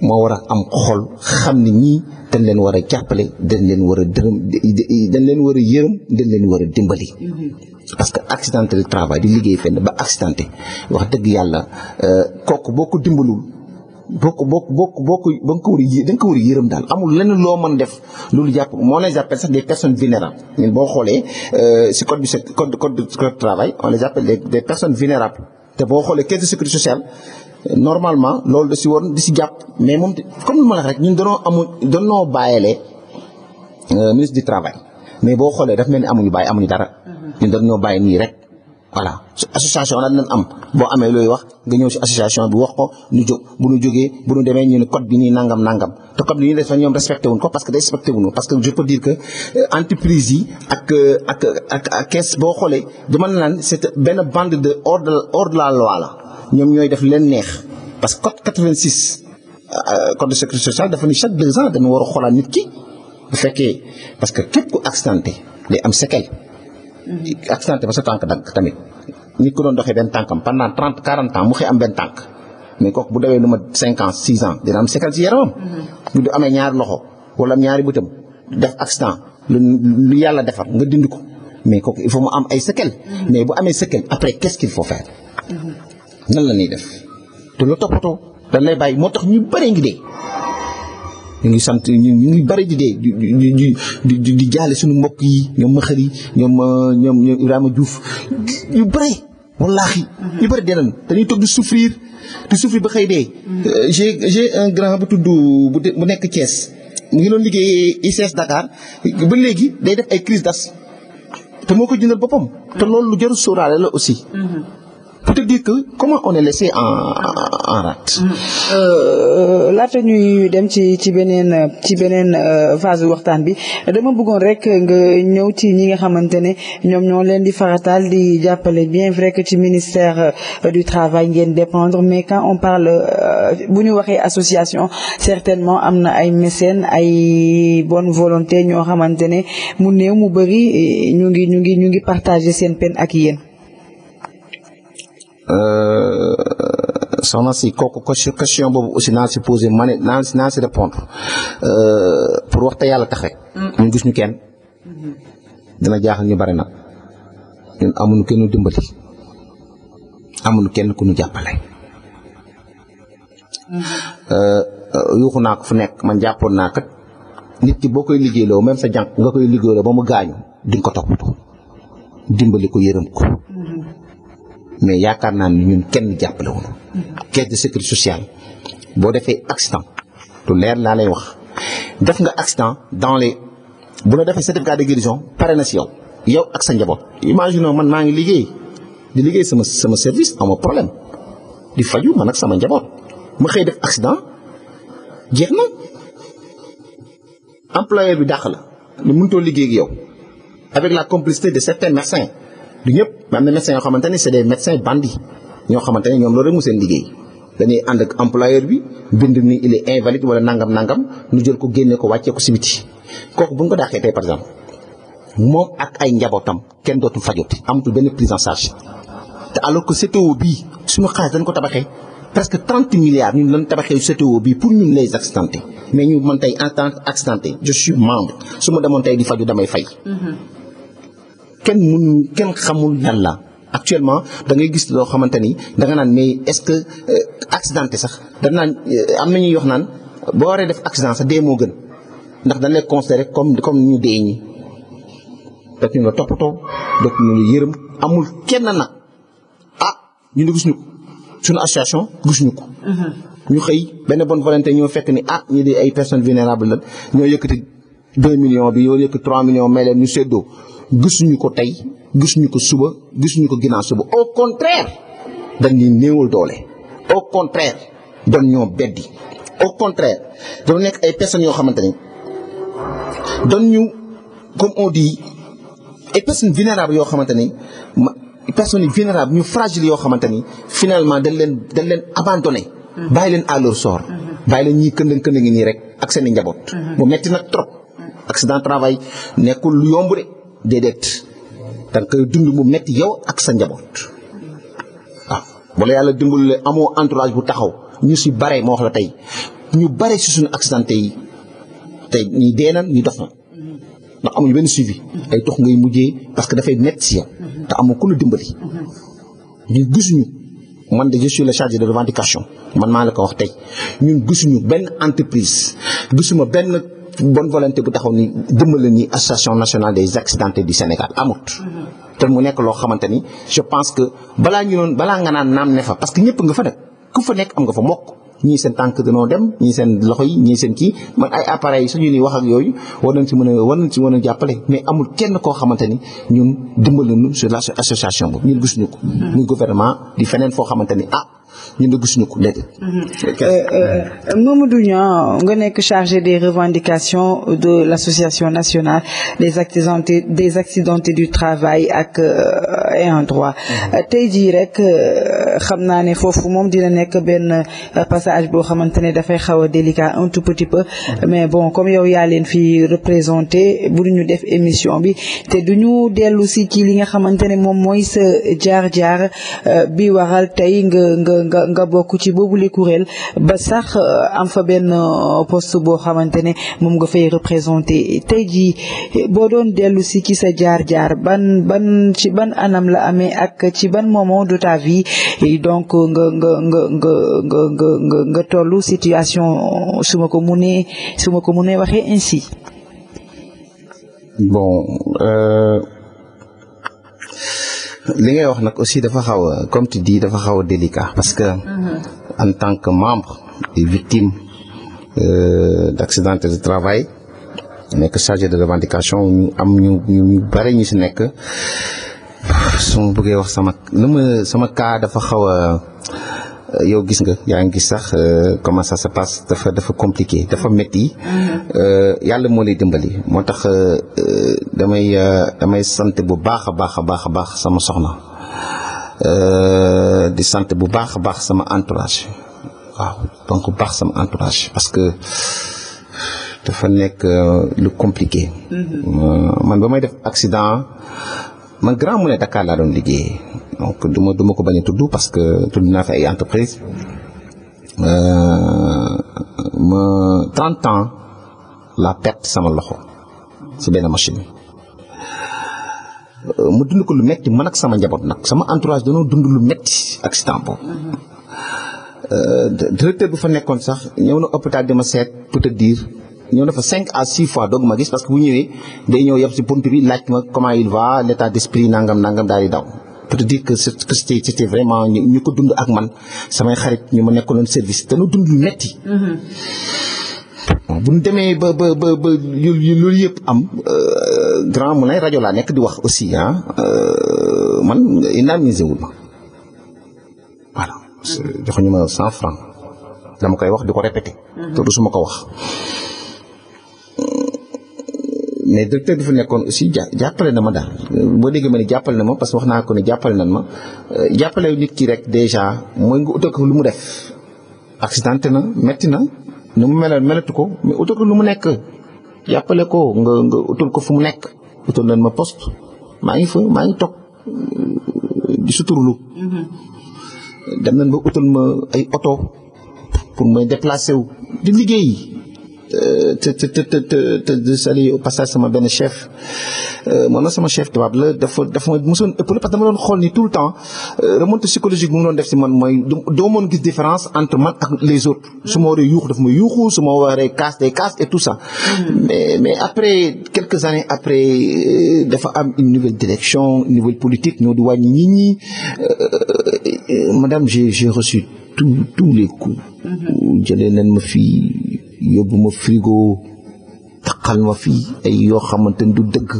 moo war a am xol xam ni ñii dañ leen war a jàppale dañ leen war a dërëm dañ leen war a yërëm dañ leen war a dimbali. Mm-hmm. parce que accidenté du travail di liggéey fenn ba accidenté wax dëgg yàlla euh, kooku boo ko dimbalul. bokk bokk bokk bokk ba nga ko war nga ko war a yërëm daal amul lenn loo mën def loolu jàpp moo les appelle sax des personnes vulnérables ñun boo xoolee euh, si code bi code code code travail on les appelle des personnes te boo xoolee caisse de sécurité sociale normalement loolu da si woon di si jàpp mais moom comme lu ma la rek ñun danoo amul danoo bàyyeele euh, ministre du travail mais boo xoolee daf mel ni amuñu bàyyi amuñu dara mm-hmm. ñun dañoo bàyyi nii rek voilà association la dinañ am boo amee looy wax nga ñëw si association bi wax ko ñu jóg bu ñu jógee bu ñu demee ñu ne code bi nii nangam nangam te comme bi ñu def ñoom respecté wuñ ko parce que respecté wuñu parce que je peux dire que euh, entreprise yi ak euh, ak ak ak boo xoolee dama naan c'est benn bande de hors de hors ñoom ñooy def leen neex parce que code 86 euh, code de sécurité sociale dafa ni chaque deux ans dañu war a xoolaat nit ki bu fekkee parce que képp ku accidenté day am séquelle mm-hmm. accidenté ba sa tànk dagg tamit nit ko doxee benn tànkam pendant trente quarante ans mu xëy am benn tànk mais kooku bu dawee lu ma cinq ans six ans dina am séquence ci yaramam. Mm-hmm. bu du amee ñaari loxo wala ñaari bëtam def accident lu lu yàlla defar nga dind ko mais kooku il faut mu am ay séquelles. Mm-hmm. mais bu amee séquelles après qu'est-ce qu'il mm-hmm. nan la ñuy def te lu toppatoo dañ lay bàyyi moo tax ñu bëree ngi dee. ñu ngi sant ñu ngi bëri di dee di di di jaale suñu mbokk yi ñoom ma xëri ñoom ma ñoom Ibrahima Diouf yu wallaahi. ñu bëri dee nañ dañuy toog di sufir di souffrir ba xëy dee. Euh, j'ai j'ai un grand bu tudd bu bu nekk Thiès mu ngi doon liggéey ICS Dakar ba léegi day def ay crise d'asthme te moo ko jëndal boppam. te loolu lu jarul sóoraale la aussi. Mm-hmm. pour te dire que comment on en en mm. euh, laata ñuy dem ci ci beneen ci beneen euh, phase waxtaan bi dama bëggoon rek nga ñëw ci ñi nga xamante ne ñoom ñoo leen di faratal di jàppale bien vrai que ci ministère euh, du travail ngeen dépendre mais quand on parle bu ñu waxee association certainement am na ay mécènes ay bonne volonté ñoo xamante ne mu néew mu bëri ñu ngi ñu ngi ñu ngi partager seen pen ak yéen. Euh, soxna si kooku question boobu aussi naa si posé ma ne naa si naa si répondre euh, pour waxta yàlla tax rek. Mm. ñun gis ñu kenn. Mm-hmm. dina jaaxal ñu bari nag ñun amuñu kenn dimbali amuñu kenn ku ñu jàppale. Mm-hmm. Euh, yuuxu naa fu nekk man jàppoon naa nit ki boo koy liggéeyloo même sa jànq nga koy liggéeyloo ba mu gaañu di nga ko toppatoo dimbali ko yërëm ko. Mm-hmm. mais yaakaar naa ne ñun kenn jàppale wu ñu. caisse de sécurité sociale boo defee accident lu leer laa lay wax def nga accident dans les bu la defee certificat de guérison pare na si yow yow ak sa njaboot. imaginons man maa ngi liggéey di liggéey sama sama service ama problème di faju ma ak sama njaboot ma xëy def accident jeex na employeur bi dàq la. ne too liggéey ak yow avec la complicité de certains médecins. du ñëpp am na médecins yoo xamante ne c'est des médecins ñoo xamante ne ñoom loolu rek mu seen liggéey dañuy ànd ak employeur bi bind ni il est invalide wala nangam nangam ñu jël ko génne ko wàccee ko si biti kooku bu ñu ko dàqee tey par exemple moom ak ay njabootam kenn dootu fajoti amatul benn prise en charge te alors que CTO bii suñu xaalis dañ ko tabaxee presque trente milliards ñu lañ tabaxee CTO bi pour ñun lay accidentés mais ñu man tey tant que accidenté je suis ma demoon tey faju damay fay. Mm-hmm. kenn mënu kenn xamul lan la actuellement da ngay gis loo xamante ni danga naan mais est-ce que euh, accidenté sax da naan euh, am na ñuy yox naan boo waree def accident sax dee moo gën ndax dañ lay considéré comme comme ñu dee ñi. dootuñu la toppatoo dootuñu la yërëm amul kenn na ah ñu ne gisuñu ko suñu association gisuñu ko. Mm-hmm. ñu xëy benn bonne volonté ñoo fekk ni ah ñu di ay personnes vulnérables la ñoo yëkkati 2 millions bi yoo yëkkati 3 millions may leen ñu séddoo. gisuñu ko tey gisuñu ko suba gisuñu ko ginnaaw suba au contraire dañ ñuy néewal doole au contraire doon ñoo beddi au contraire dafa nekk ay personnes yoo xamante ni doon ñu comme on dit ay personnes vulnérables yoo xamante ni ma personnes yi vulnérables ñu fragiles yoo xamante ni finalement dañ leen dañ leen abandonné. Mm-hmm. bàyyi leen à leur sort. Mm-hmm. bàyyi leen ñii këndëng këndëng nii rek ak seen i njaboot. Mm-hmm. mu metti nag trop. accident travail nekkul yomb de. déedéet da nga koy dund mu metti yow ak sa njaboot waaw ah, wala yàlla dimbalee amoo entourage bu taxaw ñu si bare moo wax la tey ñu bare si suñu accidenté yi tey ñi dee na ñu dof na ndax amuñu benn suivi. ay tox ngay mujjee parce que dafay metti si yow. te amul ku la dimbali. ñu gisuñu man de je suis le chargé de revendication man maa la ko wax tey ñun gisuñu benn entreprise gisuma benn. bonne volonté bu taxaw ni dimbale ni association nationale des accidentés du Sénégal amut. te mu nekk loo xamante ni je pense que balaa ñu doon balaa nga naan naam ne fa parce que ñëpp nga fa nekk ku fa nekk am nga fa mbokk ñii seen tànk danoo dem ñii seen loxo yi ñii seen kii man ay appareils yi suñu ni wax ak yooyu war nañ ci mën a war nañ ci mën a jàppale mais amul kenn koo xamante ni ñun dimbale nu sur l'association boobu ñun gisuñu ko. muy mm-hmm. gouvernement di feneen foo xamante ni ah. ñun de gisuñu ko léegi. Mm-hmm. Euh, euh, euh, Mamadou nga nekk chargé des revendication de l' association nationale des accidentés des accidentés du travail ak et en mm-hmm. tey jii rek xam naa ne foofu moom dina nekk benn passage boo xamante ne dafay xaw a délicat un tout petit peu mm-hmm. mais bon comme yow yaa leen fi représenté bu ñu def émission bi te du ñu dellu si ci li nga xamante ne moom mooy sa jaar-jaar bi waral tey nga nga bokk ci boobule kuréel ba sax euh, am fa benn euh, poste boo xamante ne moom nga fay représenté tey jii boo doon dellu si ci sa jaar-jaar ban ban ci ban anam la amee ak ci ban moment de ta vie donc nga nga nga nga nga tollu situation suma ma ko mënee su ma ko mënee waxee ainsi. bon. Euh, li ngay wax nag aussi dafa xaw a comme tu dis dafa xaw a délicat parce que mm-hmm. en tant que membre des victimes euh, d' accident de travail nekk chargé de revendication ñu am ñu ñu bëri ñu si nekk su ma bëggee wax sama lu sama cas dafa xaw a Euh, yow gis nga yaa ngi gis sax euh, comment sa se passe dafa dafa compliqué dafa métti mm-hmm. mm-hmm. euh, yàlla moo lay dimbali moo tax damay damay sant bu baax a baax a baax a baax sama soxna di sant bu baax a baax sama entourage waaw donc bu baax sama entourage parce que dafa nekk lu compliqué. Mm-hmm. man ba may def accident. man Grand Moulin Dakar laa doon liggéey donc du duma du ma ko bañ a tudd parce que tudd naa fi ay entreprise euh, ma 30 ans la perte sama loxo si benn machine euh, mu dund ko lu metti man ak sama njaboot nag sama entourage dañoo dund lu metti accident boobu euh, directeur bu fa nekkoon sax ñëw na hôpital di ma seet pour te ñëw na cinq à six fois doog ma gis parce que bu ñëwee day ñëw yab si pont bi laaj ma comment il va l' état nangam nangam daal yi daw. pour dire que c' était vraiment ñu ko dund ak man samay xarit ñu ma nekkaloon service te nu dund lu metti. Mm-hmm. bu ñu demee ba ba ba loolu yëpp am euh, grand mu ne rajo laa nekk di wax aussi ah man indemnisé wul ma voilà. joxuñu ma cent franc dama koy wax di ko répété. Mm-hmm. te su ma ko wax. mais directeur bi fu nekkoon aussi jàppale na ma daal boo déggee ma ne jàppale na ma parce que wax naa ko ne jàppale na ma euh, jàppale nit kii rek déjà mooy nga utal ko lu mu def accidenté na metti na nu mu meloon melatu ko mais utal mu nekk jàppale ko nga utal ko fu mu nekk utal nañ ma poste maa ngi fa maa ngi toog euh, di suturlu mm-hmm. dem nañ ba utal ma ay oto pour may déplacer wu di liggéey te te te te di sali au passage sama benn chef euh, moom na sama chef tubaab la dafa dafa ma mosoon ëppale parce que dama doon xool ni tout le temps euh, remontée psychologique mu ngi doon def si man mooy doo moon gis différence entre man ak les autres su ma waree yuuxu daf ma yuuxu su ma waree casse day casse et tout ça mm. mais mais après quelques années après euh, dafa am une nouvelle direction une nouvelle politique ñoo di wàññi nit ñi madame j'ai j'ai reçu tous tous les coups mm-hmm. jëlee nañ ma fii yóbbu ma frigo taqal ma fi ay yoo xamante ni du dëgg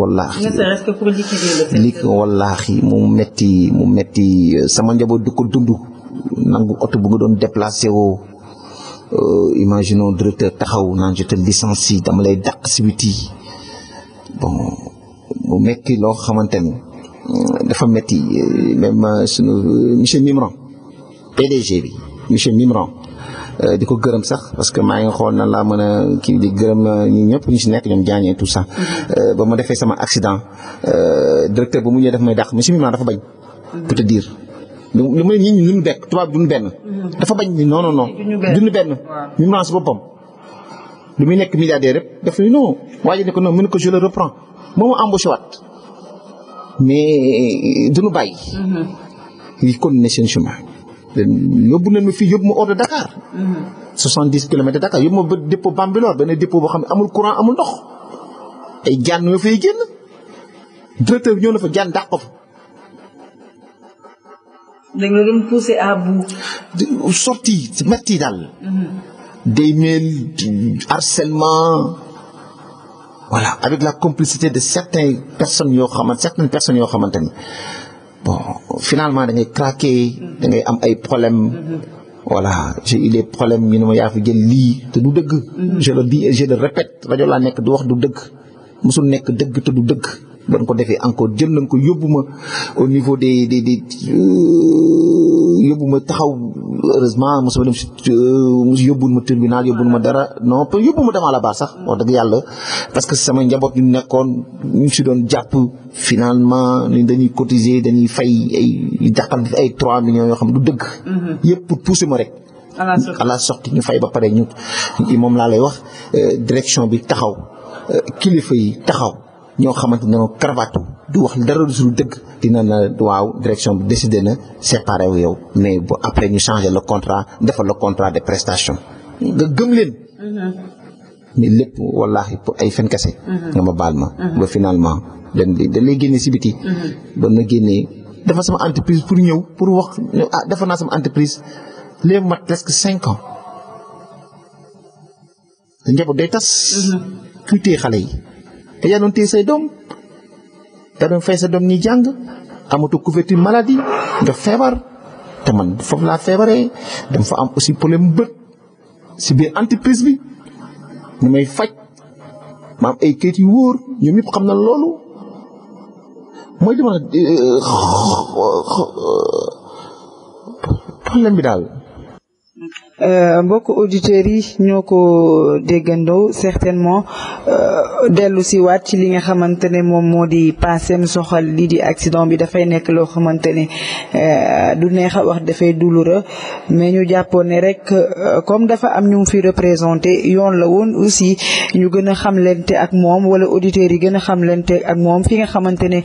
wallaahi lik wallaahi mu metti mu metti euh, sama njaboot du ko dund nangu oto bu nga doon déplacé woo euh, imaginons directeur taxaw naan je te dama lay dàq si biti bon mu metti loo xamante ni euh, dafa metti même sunu monsieur Mimran PDG bi monsieur Mimran Euh, di ko gërëm sax parce que maa ngi xool na laa mën a kii di gërëm euh, ñi ñëpp ñu si nekk ñoom jaañee tout ça euh, ba ma defee sama accident directeur ba mu ñëwee def may dax monsieur Mimane dafa bañ pour te dire li ma ñu bekk tubaab benn dafa bañ ni non non non duñu benn Mimane si boppam lu muy nekk milliardaire yëpp daf ni non waaye ne ko non mu ne ko je le reprends moom embauché waat mais duñu bàyyi kon mm-hmm. continuer seen chemin yóbbu nañ ma fii yóbbu ma hors de Dakar. 70 mm-hmm. kilomètres de Dakar yóbbu ma ba dépôt Bambilor benn dépôt boo xam ne amul courant amul ndox ay jaan ñoo fay génn directeur bi ñëw na fa jaan dàq ko fa. dañ la doon poussé à bout. sorti métti daal. Mm-hmm. day mel harcèlement voilà avec la complicité de certaines personnes yoo xamante certaines personnes yoo xamante ni. bon finalement da ngay craquer da am ay problèmes voilà j'ai eu des problèmes ñu ne ma yaa jël lii te du dëgg mhm. je le dis et rajo laa nekk du wax du dëgg mosul nekk dëgg te du dëgg doon ko defee encore jël nañ ko yóbbu ma au niveau des des des euh, yóbbu ma taxaw heureusement mosuma dem si euh, yóbbuwul ma tribunal yóbbuwul ma dara non yóbbu ma damaa la baax sax wax dëgg yàlla parce que sama njaboot ñu nekkoon ñu si doon jàpp finalement ni dañuy cotiser dañuy fay ay dàqal ay 3 millions yoo xam du dëgg. Mhm. yëpp pousser ma rek. à la ñu fay ba pare ñu moom laa lay wax euh, direction bi taxaw kilifa yi taxaw. ñoo xamante ne dañoo karbaatu di wax dara du suñu dëgg dina na waaw direction bi décidé na séparé wu yow mais bu après ñu changé la contrat defal le contrat de prestation nga gëm leen. Mm-hmm. mais lépp wallaahi pour ay fen kese. Mm-hmm. nga ma baal ma. Mm-hmm. ba finalement dañ dañ si biti. ba nga génnee dafa sama entreprise pour ñëw pour wax ah defal naa sama entreprise léegi mat presque cinq ans. njaboot day tas. kuy téye xale yi. te yaa doon téye say doom yaa doon fay sa doom ñuy jàng amatu couverti maladie nga feebar te man foofu laa feebaree dama fa am aussi problème bët si biir entreprise bi ñu may faj ma am ay kayit yu wóor ñoom yëpp xam na loolu mooy li ma euh, euh, euh, problème bi daal. Euh, mbokku auditeurs yi ñoo ko déggandoo certainement euh, dellu si waat ci li nga xamante ne moom moo di paaseem soxal lii di accident bi dafay nekk loo xamante ne euh, du neex a wax dafay douloureux mais ñu jàppoon ne rek comme dafa am ñu fi représenté yoon la woon aussi ñu gën a xamlante ak moom wala auditeurs yi gën a xamlante ak moom fi nga xamante ne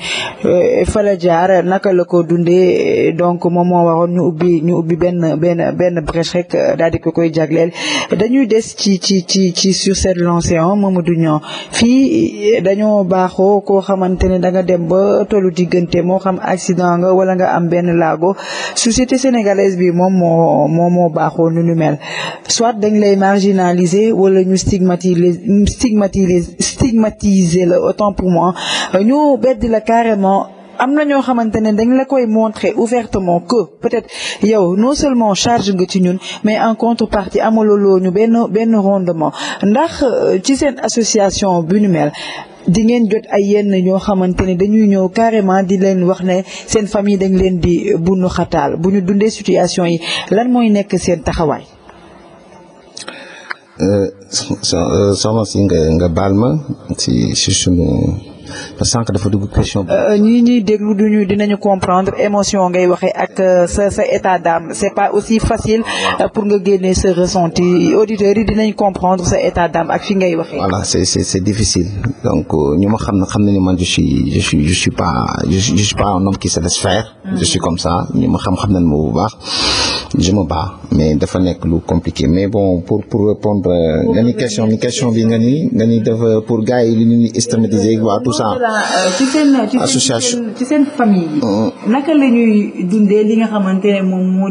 fa la jaar naka la ko dundee donc moom moo waroon ñu ubbi ñu ubbi benn benn benn rek. daal di ko koy jagleel dañuy des ci ci ci ci sur cette lancée ah Mamadou Niang fii dañoo baaxoo koo xamante ne da nga dem ba tollu diggante moo xam accident nga wala nga am benn laago société sénégalaise bi moom moo moo moo baaxoo nu nu mel soit dañ lay marginaliser wala ñu stigmatiser stigmatiser stigmatiser la autant pour moi ñu bedd la carrément. am na ñoo xamante ne dañ la koy montrer ouvertement que peut-être yow non seulement charge nga ci ñun mais en contrepartie amaloo ñu benn benn rendement ndax euh, ci seen association bu ñu mel di ngeen jot ay yenn ñoo xamante ne dañuy ñëw carrément di leen wax ne seen famille dañ leen di euh, bunu xataal bu ñu dundee situation yi lan mooy nekk seen taxawaay. Euh, soxna si nga nga parce que sànq dafa ñu question. Euh, ñii ñuy déglu dinañu comprendre émotion ngay waxee ak euh, sa sa état d'âme c'est pas aussi facile ah, euh, pour nga génne sa ressenti auditeurs yi dinañ comprendre sa état d'âme ak fi ngay waxee. voilà c'est c'est difficile donc ñu ma xam ne xam nañu man je suis je suis je suis pas je suis qui se mm. je suis comme ça ñu ma xam xam nañu ma bu baax. je me mais dafa nekk lu compliqué mais bon pour pour répondre euh, nga ni question bi question bi nga ni nga ni dafa pour gars yi li ñu ni stigmatiser euh, waa tout ça. Euh, ci seen association ci seen famille. naka la ñuy dundee li nga xamante ne moom moo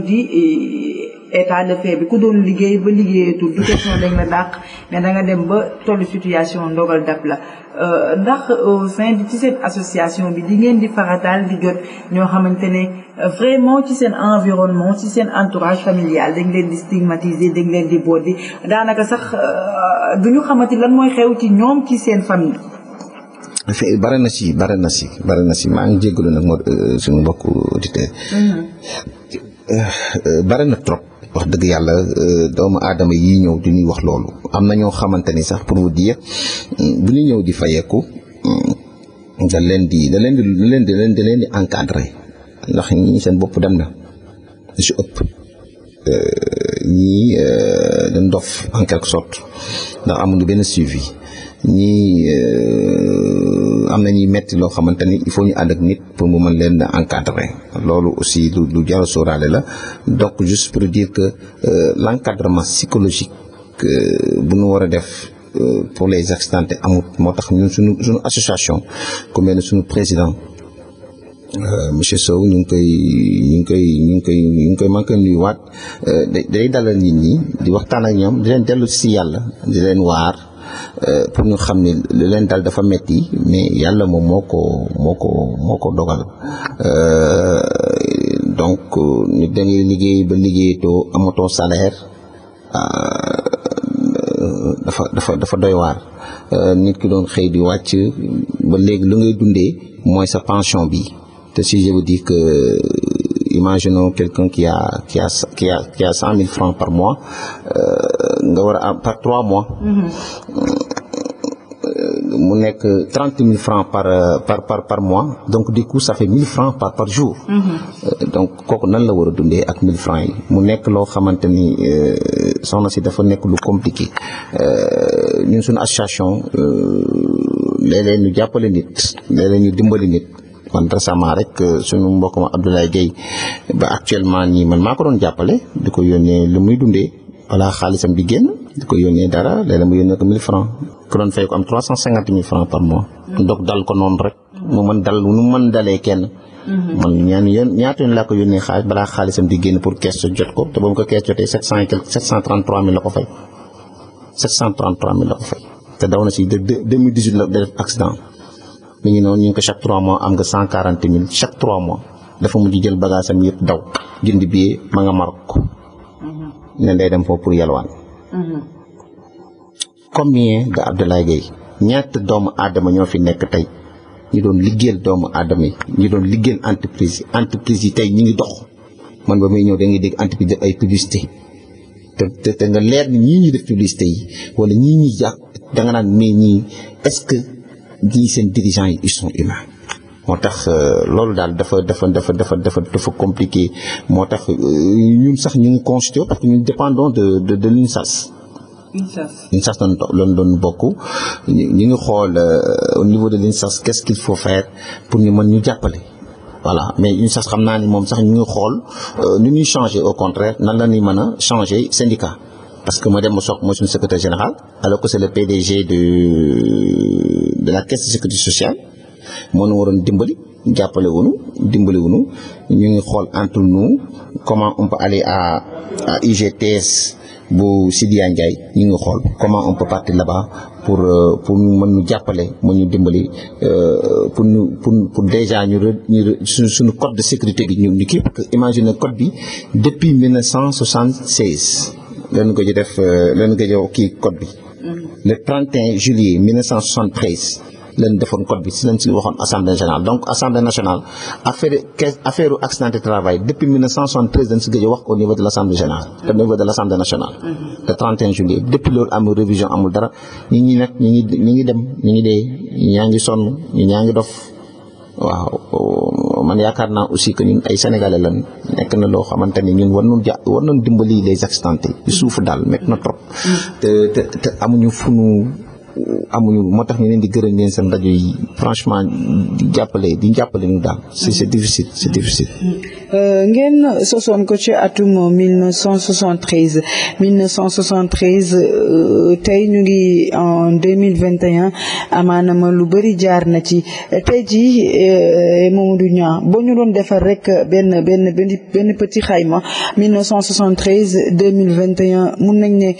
état de fait bi ku doon liggéey ba liggéeyatul du question dañ la dàq mais da dem ba tollu situation ndogal dab la euh, ndax euh, au sein ci seen association bi di ngeen di farataal di jot ñoo xamante ne euh, vraiment ci seen environnement ci seen entourage familial dañ leen di stigmatiser dañ leen di boddi daanaka sax du ñu xamante lan mooy xew ci ñoom ci seen famille. fe bare na si bare na si bare na si maa ngi jégalu nag moo suñu mbokku auditeurs. Mm-hmm. bare na trop. wax dëgg yàlla euh, doomu aadama yi ñëw du ñuy wax loolu am na ñoo xamante ni sax pour vous dire mm, bu ñu ñëw di fayeeku mm, da leen di da leen di da leen di da leen di encadré ndax ñi seen bopp dem na si ëpp euh, ñii euh, dañ dof en quelque sorte ndax amuñu benn suivi ñii euh, am na ñuy metti loo xamante ni il faut ñu ànd nit pour mu mën leen encadrer loolu aussi lu lu jar a la donc juste pour dire que euh, l' encadrement psychologique euh, bu nu war a def pour les accidentés amut moo tax ñun suñu suñu association ku mel ne suñu président monsieur Sow ñu ngi koy ñu ngi koy ñu ngi koy ñu ngi koy man koy nuyuwaat day dalal nit ñi di waxtaan ak ñoom di leen dellu si yàlla di leen waar. Euh, pour ñu xam ni li leen dal dafa metti mais yàlla moom moo ko moo ko moo ko dogal euh, donc nit dangay liggéey ba liggéey too amatoo salaire euh, dafa dafa dafa doy waar nit ki doon xëy bi wàcc ba léegi lu ngay dundee mooy sa pension bi te si je veux dire que imaginons quelqu'un qui a qui a cent mille francs par mois. nga war a am par trois mois. mu nekk trente mille francs par par par par mois donc du coup ça fait mille francs par par jour. Euh, donc kooku nan la war a dundee ak mille francs yi mu nekk loo xamante ni euh, soxna si dafa nekk lu compliqué euh, ñun suñu association léeg-léeg ñu jàppale nit léeg-léeg ñu dimbali nit. man récemment rek suñu mbokk ma Abdoulaye Gueye ba actuellement nii man maa ko doon jàppale di ko yónnee lu muy dundee. voilà xaalisam di génn di ko yónnee dara léeg-léeg mu yónnee ko 1000 francs ku doon fay ko am 350 000 hmm. rek. mu mën dal nu dalee kenn. Hmm. man ñaan yoon ñaata yoon laa ko yónnee xaalis balaa xaalisam di génn pour kees jot ko te ba mu ko kees jotee 700 et quelque 733 000 la ko fay la ko fay. te daw na si de 2018 la def accident mi ngi noonu ñu ngi ko chaque 3 mois am nga 140 000 chaque 3 mois dafa mujj jël bagage am yëpp daw jënd billet ma nga Maroc. ne day dem foofu pour yalwaan. Mm-hmm. combien de Abdoulaye Gueye ñaata doomu aadama ñoo fi nekk tey ñu doon liggéeyal doomu aadama yi ñu doon liggéeyal entreprise yi entreprise yi tey ñu ngi dox man ba muy ñëw da ngay dégg entreprise ay publicité te te nga leer ni ñii ñuy def publicité yi wala ñii ñuy yàq danganaan nga naan ñii est-ce que ñii seen dirigeants yi ils sont moo tax euh, loolu daal dafa dafa dafa dafa dafa dafa compliqué moo tax euh, ñun sax ñu ngi constitué parce que ñun dépendons de de de l'UNSAS INSAS INSAS doon doon doon bokk ñu ngi xool euh, au niveau de l'INSAS qu'est-ce qu'il faut faire pour ñu mën ñu jàppale voilà mais INSAS xam naa ni moom sax ñu ngi xool nu ñuy changer au contraire nan la ñuy mën a changer syndicat parce que Madame Mossok mooy suñu secrétaire général alors que c'est le PDG de de la caisse de sécurité sociale moo nu waroon dimbali jàppale wuñu dimbali wuñu ñu ngi xool entre nous comment on peut aller à à UGTS bu Sidiya Ndiaye ñu ngi xool comment on peut partir là pour euh, pour ñu mën ñu jàppale mën ñu dimbali euh, pour nu pour pour déjà ñu ñu suñu code de sécurité bi ñu ñu kii parce que imagine code bi depuis 1976 lañu ko ci def euh, lañu ko ci kii code bi mm. le 31 juillet 1973 leen defoon code bi si leen si waxoon assemblée nationale donc assemblée nationale affaire affaire accident de travail depuis 1973 dañ a wax au niveau de l' assemblée mhm. nationale mhm. le 31 juillet depuis loolu que ñun ay sénégalais lan nekk na loo xamante ni ñun war nañu ja na trop. Mhm. te te te amuñu amuñu moo tax ñu leen di gërëm leen seen rajo yi franchement di jàppale di jàppale ñu daal c'est c'est difficile c'est difficile. Euh, ngeen sosoon ko ci atum euh, tey ñu ngi en 2021 amaana ma lu bëri jaar na ci tey jii euh, du Niang boo ñu doon defar rek benn benn benn benn petit xayma 1973 2021 mun nañ ne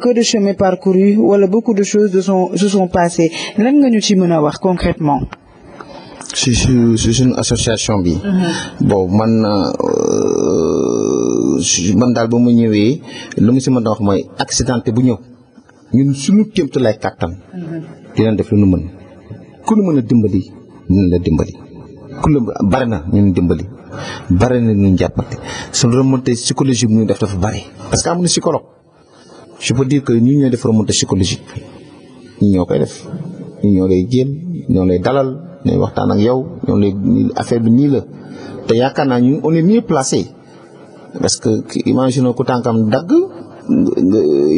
que de chemin parcouru wala beaucoup de choses de son sont se sont passés lan nga ñu ci mën a wax concrètement si su suñu association bi mm-hmm. bon man euh, man daal ba mu ñëwee lu mu si mën mooy accidenté bu ñëw ñun suñu kéemtu lay kàttan mm-hmm. dinañ def lu nu mën ku nu mën a dimbali dinañ la dimbali ku la bari na ñun dimbali bare na ñu jàppal ñun jàppante suñu remontée psychologique bu ñu def dafa bari parce que amuñu psychologue je peux dire que ñu ñooy def remontée psychologique ñoo koy def ñoo lay jéem ñoo lay dalal ñooy waxtaan ak yow ñoo lay affaire bi nii la te yaakaar naa ñu on est mieux placé parce que imagine ku tànkam dagg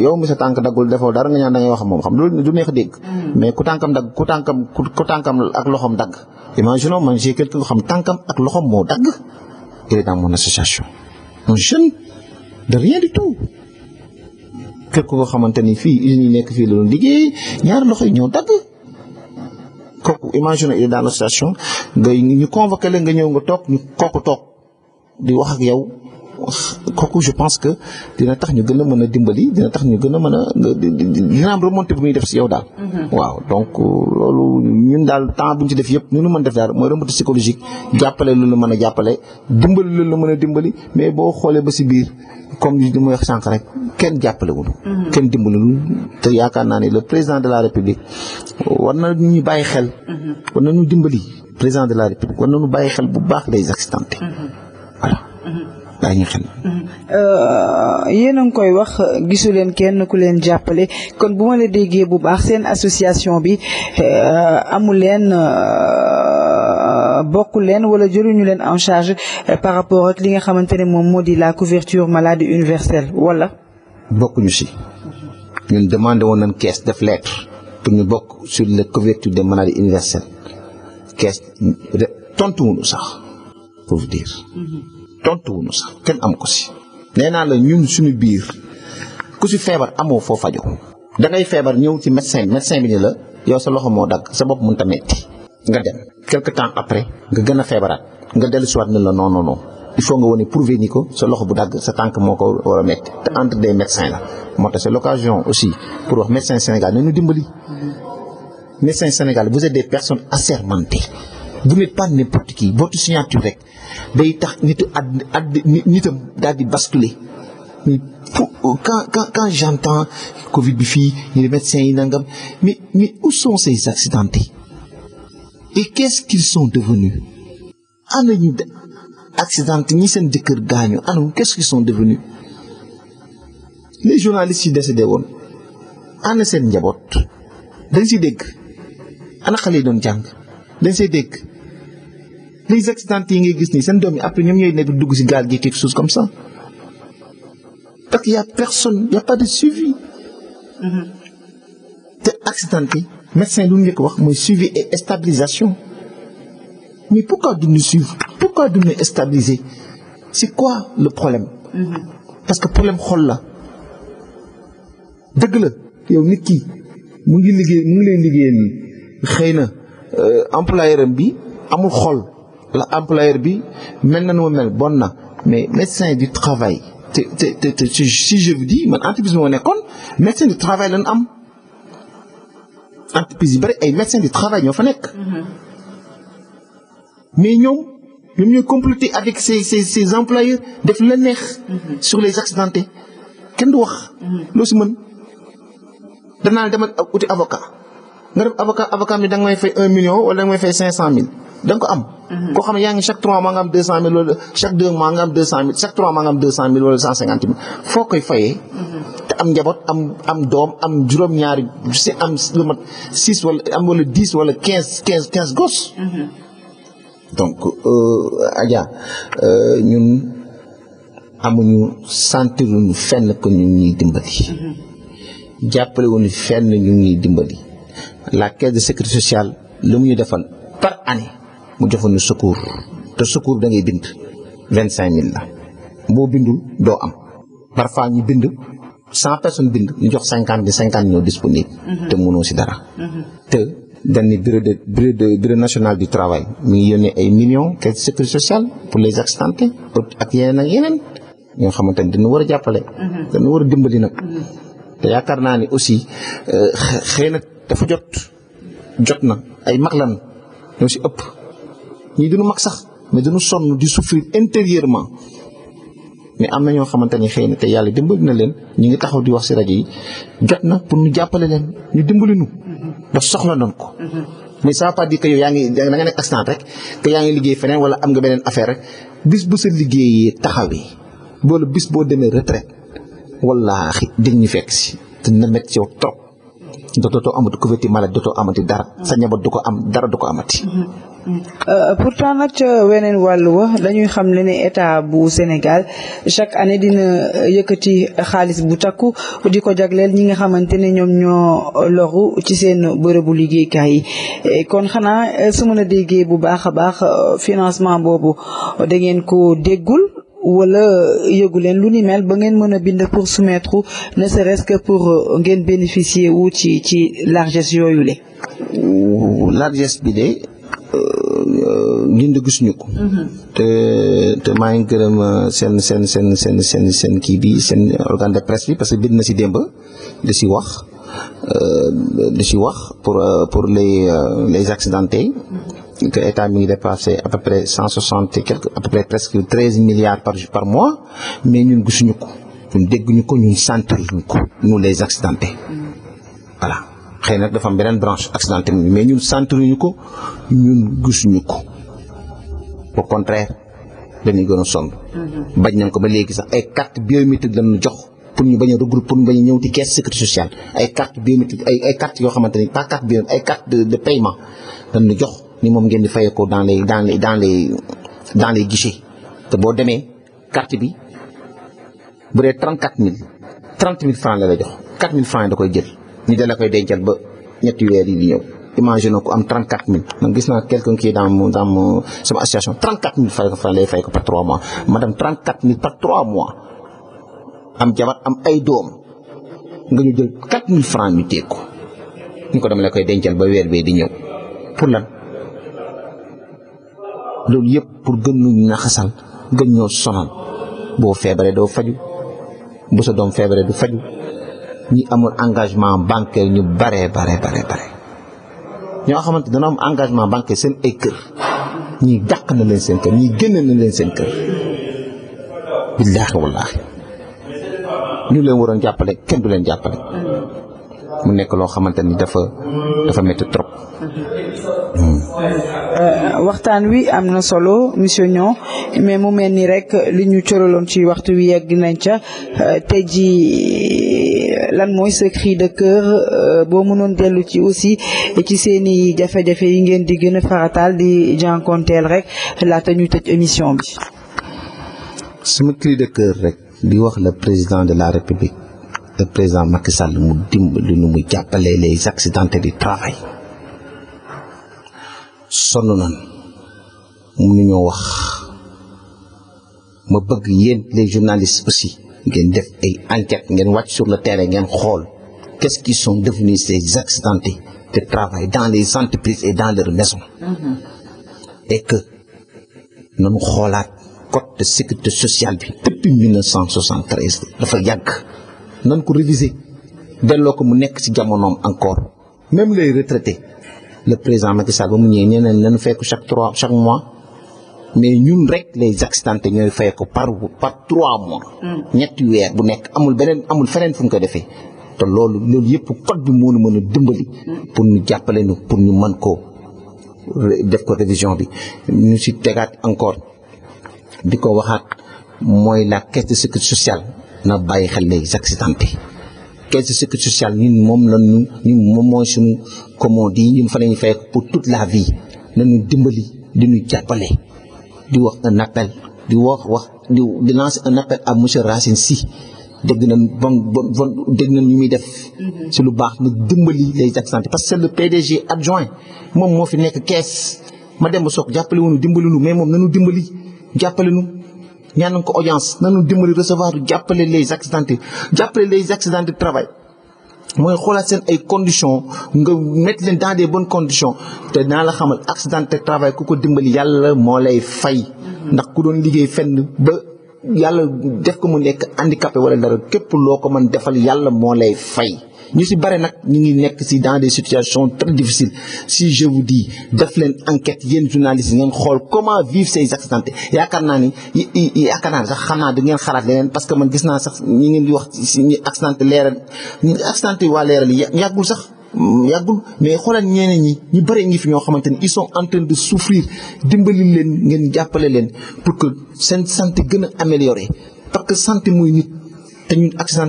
yow mi sa tànk daggul defoo dara nga ñaan da ngay wax moom xam loolu du neex dégg mm. mais ku tànkam dagg ku tànkam ku tànkam ak loxoom dagg imagine man j'ai quelqu'un xam tànkam ak loxoom moo dagg il est dans association un jeune de rien du tout fekk ko xamante ni fii usine yi nekk fii la doon liggéey ñaar loxo yi ñoo dagg. kooku imagine il est dans la station ngay ñu convoqué la nga ñëw nga toog ñu kooku toog di wax ak yow kooku je pense que dina tax ñu gën a mën a dimbali dina tax ñu gën a mën a dina am remontée bu muy def si yow daal. Mhm. waaw donc loolu ñun daal temps bu ñu ci def yëpp ñu nu mën def daal mooy remonté psychologique jàppale lu la mën a jàppale dimbali lu la mën a dimbali mais boo xoolee ba si biir comme li ma wax sànq rek kenn jàppalewul mhm. kenn dimbalul te yaakaar naa ne le président de la république war na ñu bàyyi xel mhm. war nañu dimbali président de la république war nañu bàyyi xel bu baax les accidentés voilà bàyyi xel. Euh, yéen a ngi koy wax gisu leen kenn ku leen jàppale kon bu ma la déggee bu baax seen association bi euh, amu leen euh, bokk leen wala jëluñu leen en charge par rapport ak li nga xamante ne moom moo di la couverture maladie universelle wala. bokkuñu si ñun demandé woon nañ kees def lettre pour ñu bokk sur la couverture des maladies universelles kees tontu wuñu sax tontuwuñu sax kenn am ko si. nee naa la ñun suñu biir ku si feebar amoo foo fajo da ngay feebar ñëw ci médecin médecin bi ni la yow sa loxo moo dagg sa bopp mënut a metti nga dem quelque temps après nga gën a feebaraat nga dellu siwaat nu la non non non il faut nga wane prouver ni ko sa loxo bu dagg sa tànk moo ko war a metti te entre des médecins la moo tax c'est l'occasion aussi pour wax médecin Sénégal ne nu dimbali mm-hmm. médecin Sénégal vous êtes des personnes assermentées vous n'êtes pas n'importe qui votre signature rek day tax nitu ad ad nitam daal di basculer mais pour quand quand bi fii ñu ne yi nangam mais mais où sont ces accidentés et qu'est-ce qu'ils sont devenus ana ñu accidenté ñi seen jëkkër gaañu ana qu'est-ce qu'ils sont devenus les journalistes yi décédé woon ana seen njaboot dañ si dégg ana xale yi doon jàng. dañ see dégg les accidentés yi ngay gis ni seen doom yi après ñoom ñooy nekk dugg si gaal gi quelque chose comme ça parce que y' personne y' pas de suivi. te accidenté médecin lu njëkk wax mooy suivi et stabilisation mais pourquoi duñu suivre pourquoi duñu stabiliser c' est quoi le problème. parce que problème xol la dëgg la yow nit ki mu ngi liggéey mu ngi lay liggéeyal nii xëy na. Euh, employeur am bi amul xol la employeur bi mel na nu ma mel bon na mais médecin du travail te te te si je vous dis man entreprise moo nekkoon médecin du travail lañ am entreprise yu bëri ay médecin du travail ñoo fa nekk. Mm-hmm. mais ñoom ñoom ñooy complété avec ces ces ces employeurs def la neex. Mm-hmm. sur les accidentés kenn du wax. Mm-hmm. loo si mën danaa demal uti avocat. nga def avocat avocat bi da nga may fay un million wala da may fay cinq cent mille da nga ko am. Mhm. ko xam ne yaa ngi chaque trois mois nga am deux cent mille wala chaque deux mois nga am deux trois mois nga am deux cent mille foo koy fayee. Mhm. te am njaboot am am doom am juróom-ñaari si am lu mat six wala am wala dix wala quinze quinze quinze gos. Mhm. donc euh, Adja euh, ñun amuñu sentir luñu fenn que ñu ngi dimbali. jàppale wuñu fenn ñu ngi dimbali. la caisse de sécurité sociale lu mu ñu defal par année mu joxoon ñu secours te secours da ngay bind vingt cinq mille la boo bindul doo am parfois ñu bind cent personnes bind ñu jox cinquante bi cinquante ñoo disponible mhm. te mënoo si dara mhm. te dañ ni bureau de bureau de bureau national du travail mu ngi yónnee ay millions caisse de sécurité sociale pour les accidentés ak yeneen ak yeneen ñoo xamante ni war a jàppale mhm. dañu war a dimbali nag te yaakaar naa ni aussi euh, xëy dafa jot jot na ay mag lan ñoo si ëpp ñii duñu mag sax mais duñu sonn di souffrir intérieurement mais am na ñoo xamante ni xëy na te yàlla dimbali na leen ñu ngi taxaw di wax si rajo yi jot na pour ñu jàppale leen ñu dimbali nu daf soxla noonu ko. mais ça veut pas yow yaa ngi da nga nekk instant rek que yaa ngi liggéey feneen wala am nga beneen affaire rek bis bu sa liggéeyee taxawee boole bis boo demee retraite wallaahi dañ ñu fekk si te na métti yow trop. dootoo amati couverture maladie dootoo amati dara. Mm. sa njaboot du ko am dara du ko pour mm-hmm. mm-hmm. euh, pourtant nag ca weneen wàllu wa dañuy xam ne ne état bu Sénégal chaque année dina euh, yëkkati xaalis bu takku di ko jagleel ñi nga xamante ne ñoom ñoo loru ci seen bërëbu liggéeykaay yi kon xanaa euh, su mën a déggee bu baax a baax financement boobu da ngeen ko déggul. wala yëgu leen lu ni mel ba ngeen mën a bind pour soumettre ne serait-ce pour euh, ngeen bénéficier wu ci ci largesse yooyu le largesse bi de euh, euh, ñun de gisuñu ko. Mhm. te te maa ngi gërëm seen seen seen seen seen seen kii bi seen organe de presse bi parce que bind na si démb di si wax di si wax pour pour les les accidentés mhm. que état mi ngi dépassé à peu près cent soixante et quelque à peu près presque treize milliards par par mois mais ñun gisuñu ko ñun dégguñu ko ñun sentiruñu ko nous les accidentés voilà xëy na dafa am beneen branche accidenté mais ñun sentiruñu ko ñun gisuñu ko au contraire dañuy gën a sonn. Mm-hmm. bañ nañ ko ba léegi sax ay carte biométrique lañu jox. pour ñu bañ a regrouper pour ñu bañ a ñëw ci caisse sécurité ay carte biométrique ay carte yoo xamante ni pas carte biométrique ay carte de de paiement jox ni moom ngeen di fayekoo dans les dans les dans les dans les guichets te boo demee carte bi bu dee 34000 30000 francs la lay jox 4000 francs da koy jël ñu da la koy dencal ba ñetti weer yi di ñëw. imagine ko am 34000 man gis naa quelqu'un qui est dans mon dans mon sama association 34000 francs lay fay ko par 3 mois madame 34000 par 3 mois am jabar am ay doom nga ñu jël 4000 francs ñu teg ko ñu ko dama la koy dencal ba weer bee di ñëw pour lan. loolu yëpp pour gën ñu naxasal gën ñoo sonal boo feebaree doo faju bu sa doom feebaree du faju ñii amul engagement bancaire ñu baree bare bare bare ñoo xamante dana am engagement bancaire seen ay kër ñii dàq na leen seen kër ñii génn na leen seen kër billaahi wallaahi ñu leen waroon jàppale kenn du leen jàppale mu nekk loo xamante ni dafa dafa métti trop Euh, waxtaan wi am na solo monsieur Niang mais mu mel ni rek li ñu coroloon ci waxtu wi yegg nañ ca euh, te ji lan mooy ce cri de cœur euh, boo mënoon dellu ci aussi ci seeni i jafe-jafe yi ngeen di gën a farataal di jànkonteel rek laata ñu tëj émission bi. sama cri de cœur rek di wax le président de la république le président Macky Sall mu dimbali nu mu jàppale les accidentés du travail. sonn nan mënuñoo wax ma bëgg yéen les journalistes aussi ngeen def ay enquêtes ngeen wàcc sur le terrain ngeen xool qu'est-ce qui sont devenus ces accidentés de travail dans les entreprises et dans leurs maisons. Mmh. et que nañu xoolaat code de sécurité sociale bi dafa yàgg nañ ko réviser delloo ko mu nekk si jamonoom encore même les retraités. le président Macky Sall ba mu ñëwee nee nañ nañu fay ko chaque mois mais ñun rek les accidentés ñooy fay ko par par trois mois. Mm. ñetti weer bu nekk amul beneen amul feneen fu mu ko defee. te loolu loolu yëpp code bi moo nu mën a dëmbali mm. pour ñu jàppale ñu pour ñu mën ko def ko révision bi ñu si tegaat encore di ko waxaat mooy la caisse de sécurité sociale na bàyyi xel les accidentés. caisse de sécurité sociale ñun moom la ñu ñun moom mooy suñu comme on dit ñun fa la pour toute la vie nu dimbali di ñu jàppale di wax un appel di wax wax di di lancer un appel à monsieur Racine Sy dégg nañ bon bon dégg nañ ñu muy def ci mm-hmm. lu baax na dimbali les accidentés parce que c'est le PDG adjoint moom moo fi nekk caisse ma dem ba soog jàppale woonu dimbali nu mais moom nañu dimbali jàppale nu ñaan nañ ko na nu dimbali recevoir jàppale les accidentés jàppale les accidentés de travail mooy xoolaat seen ay conditions nga mettre leen dans des bonnes conditions te naa la xamal accidenté de travail ku ko dimbali yàlla moo lay fay. ndax ku doon liggéey fenn ba yàlla def ko mu nekk handicapé wala dara képp loo ko mën defal yàlla moo lay fay. ñu si bare nag ñu ngi nekk si dans des situations très difficiles si je vous dis def leen enquête yéen journalistes ngeen xool comment vivre ces accidentés yaakaar naa ni yaakaar naa ni sax xam naa du ngeen xalaat leen parce que man gis naa sax ñi ngeen di wax si ñi accidenté leeral accidenté waa leeral yi yàggul sax mm, yàggul mais xoolal ñeneen ñi ñu bëri ngi fi ñoo xamante ni ils sont en train de souffrir dimbali leen ngeen jàppale leen pour que seen santé gën a améliorer parce que santé muy nit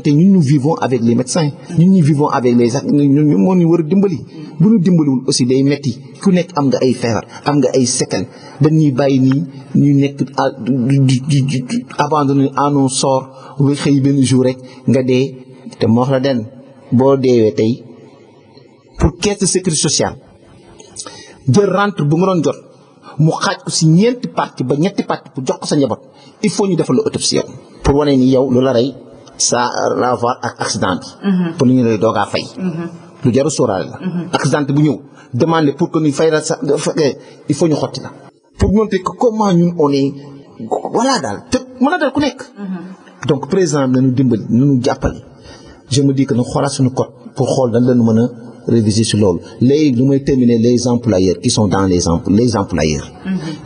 te ñun ñu ñun nous vivons avec les médecins ñun ñu vivons avec les ñun ñu moo ñu war a dimbali bu ñu dimbaliwul aussi day metti ku nekk am nga ay feebar am nga ay séquelles dañuy bàyyi nii ñu nekk abandonné à nos sorts ba xëy benn jour rek nga dee te moox la den boo deewee tey pour caisse de sécurité sociale jël rente bu nga doon jot mu xaaj ko si ñeenti parti ba ñetti parti pour jox ko sa njaboot il faut ñu defal la autopsie yow pour wane ni yow lu ça la voir ak accident bi. Mhm. pour ñu lay doog a fay. Mhm. lu jaru sóoraale la. Mhm. accident bu ñëw demandé pour que ñu fay la sa il faut ñu xotti la. pour montrer que comment ñun a est voilà daal te mën a dal ku nekk. donc président nañu dimbali nañu jàppale je me dis que ñu xoolaat suñu code pour xool dañ leen mën a réviser loolu léegi lu may terminer les employeurs qui sont dans les empl les employeurs.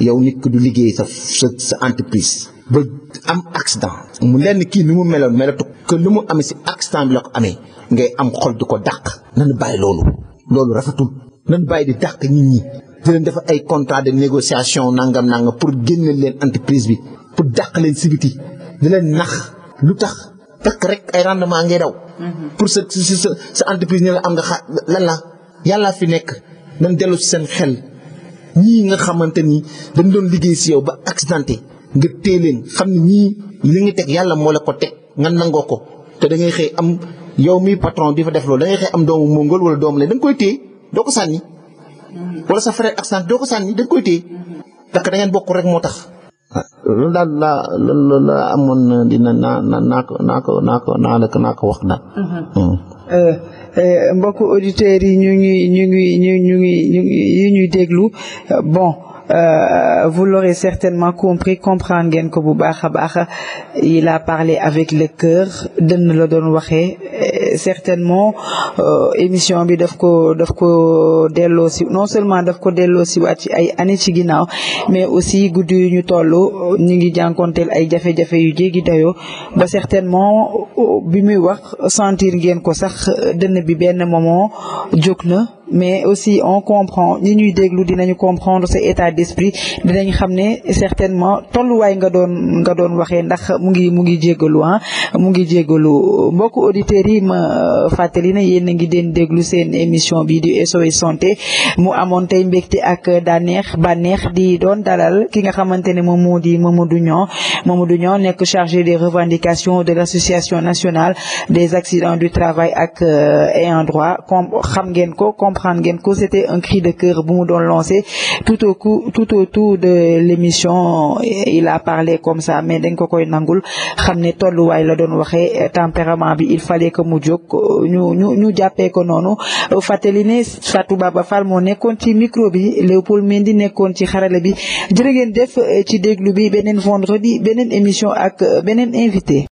du liggéey sa entreprise. ba am accident mu lenn kii ni mu meloon melatu que lu mu amee si accident bi la ko amee ngay am xol di ko dàq nañu bàyyi loolu loolu rafetul nañu bàyyi di dàq ñii ñi di leen def ay contrat de négociation nangam nangam pour génne leen entreprise bi pour dàq leen si biti di leen nax lu tax takk rek ay rendement ngay daw mhm. pour si sa sa entreprise ñu am nga xa lan la yàllaa fi nekk nañ dellu si seen xel ñii nga xamante ni dañ doon liggéey si yow ba accidenté nga téye leen xam ne ñii li ngi teg yàlla moo la ko teg nga nangoo ko te da ngay xëy am yow mi patron di fa def loolu da ngay xëy am doomu mongol wala doomu leen da koy téye doo ko sànni. wala sa frère ak sant doo ko sànni da nga koy téye. parce que da bokk rek moo tax. Ah, loolu daal laa loolu laa amoon euh, dina naa naa ko naa ko naa ko naa ko wax daal. Uh-huh. Hmm. Euh, euh, mbokku auditeurs yi ñu ngi ñu ngi ñu ngi ñu ngi ñu ngi ñuy déglu bon. Euh, vous l'aurez certainement compris comprendre ngeen ko bu baax a baax il la parlé avec le cœur dënn la doon waxee euh, certainement euh, émission bi daf ko daf ko delloo si non seulement daf ko delloo si waat ci ay année ci ginnaaw mais aussi guddi yu ñu toll ñu ngi jànkonteel ay jafe-jafe yu jéggi dayoo ba certainement bi muy wax sentir ngeen ko sax dënn bi benn moment jóg na mais aussi on comprend ni ñuy déglu dinañu comprendre sa état d'esprit dinañu xam ne certainement tolluwaay nga doon nga doon waxee ndax mu ngi mu ngi jéggalu ah mu ngi jéggalu mbokk auditeurs yi ma euh, fàttali na yéen a ngi den déglu seen émission bi di SOS santé mu amoon tey mbégte ak daneex bànneex di doon dalal ki nga xamante ne moom moo di Mamadou Niang du Niang nekk chargé de revendication de l'association nationale des accidents du travail ak ayants euh, droit xam ngeen ko comprendre ngeen ko c'était un cri de cœur bu mu doon lancé tout au coup tout autour de l'émission il a parlé comme ça mais dañ ko koy nangul xam ne tolluwaay la doon waxee tempérament bi il fallait que mu jóg ñu ñu ñu jàppee ko noonu fàttali ne Fatou Baba Fall moo nekkoon ci micro bi Léopold Mendy nekkoon ci xarala bi jërë ngeen def ci déglu bi beneen vendredi beneen émission ak beneen invité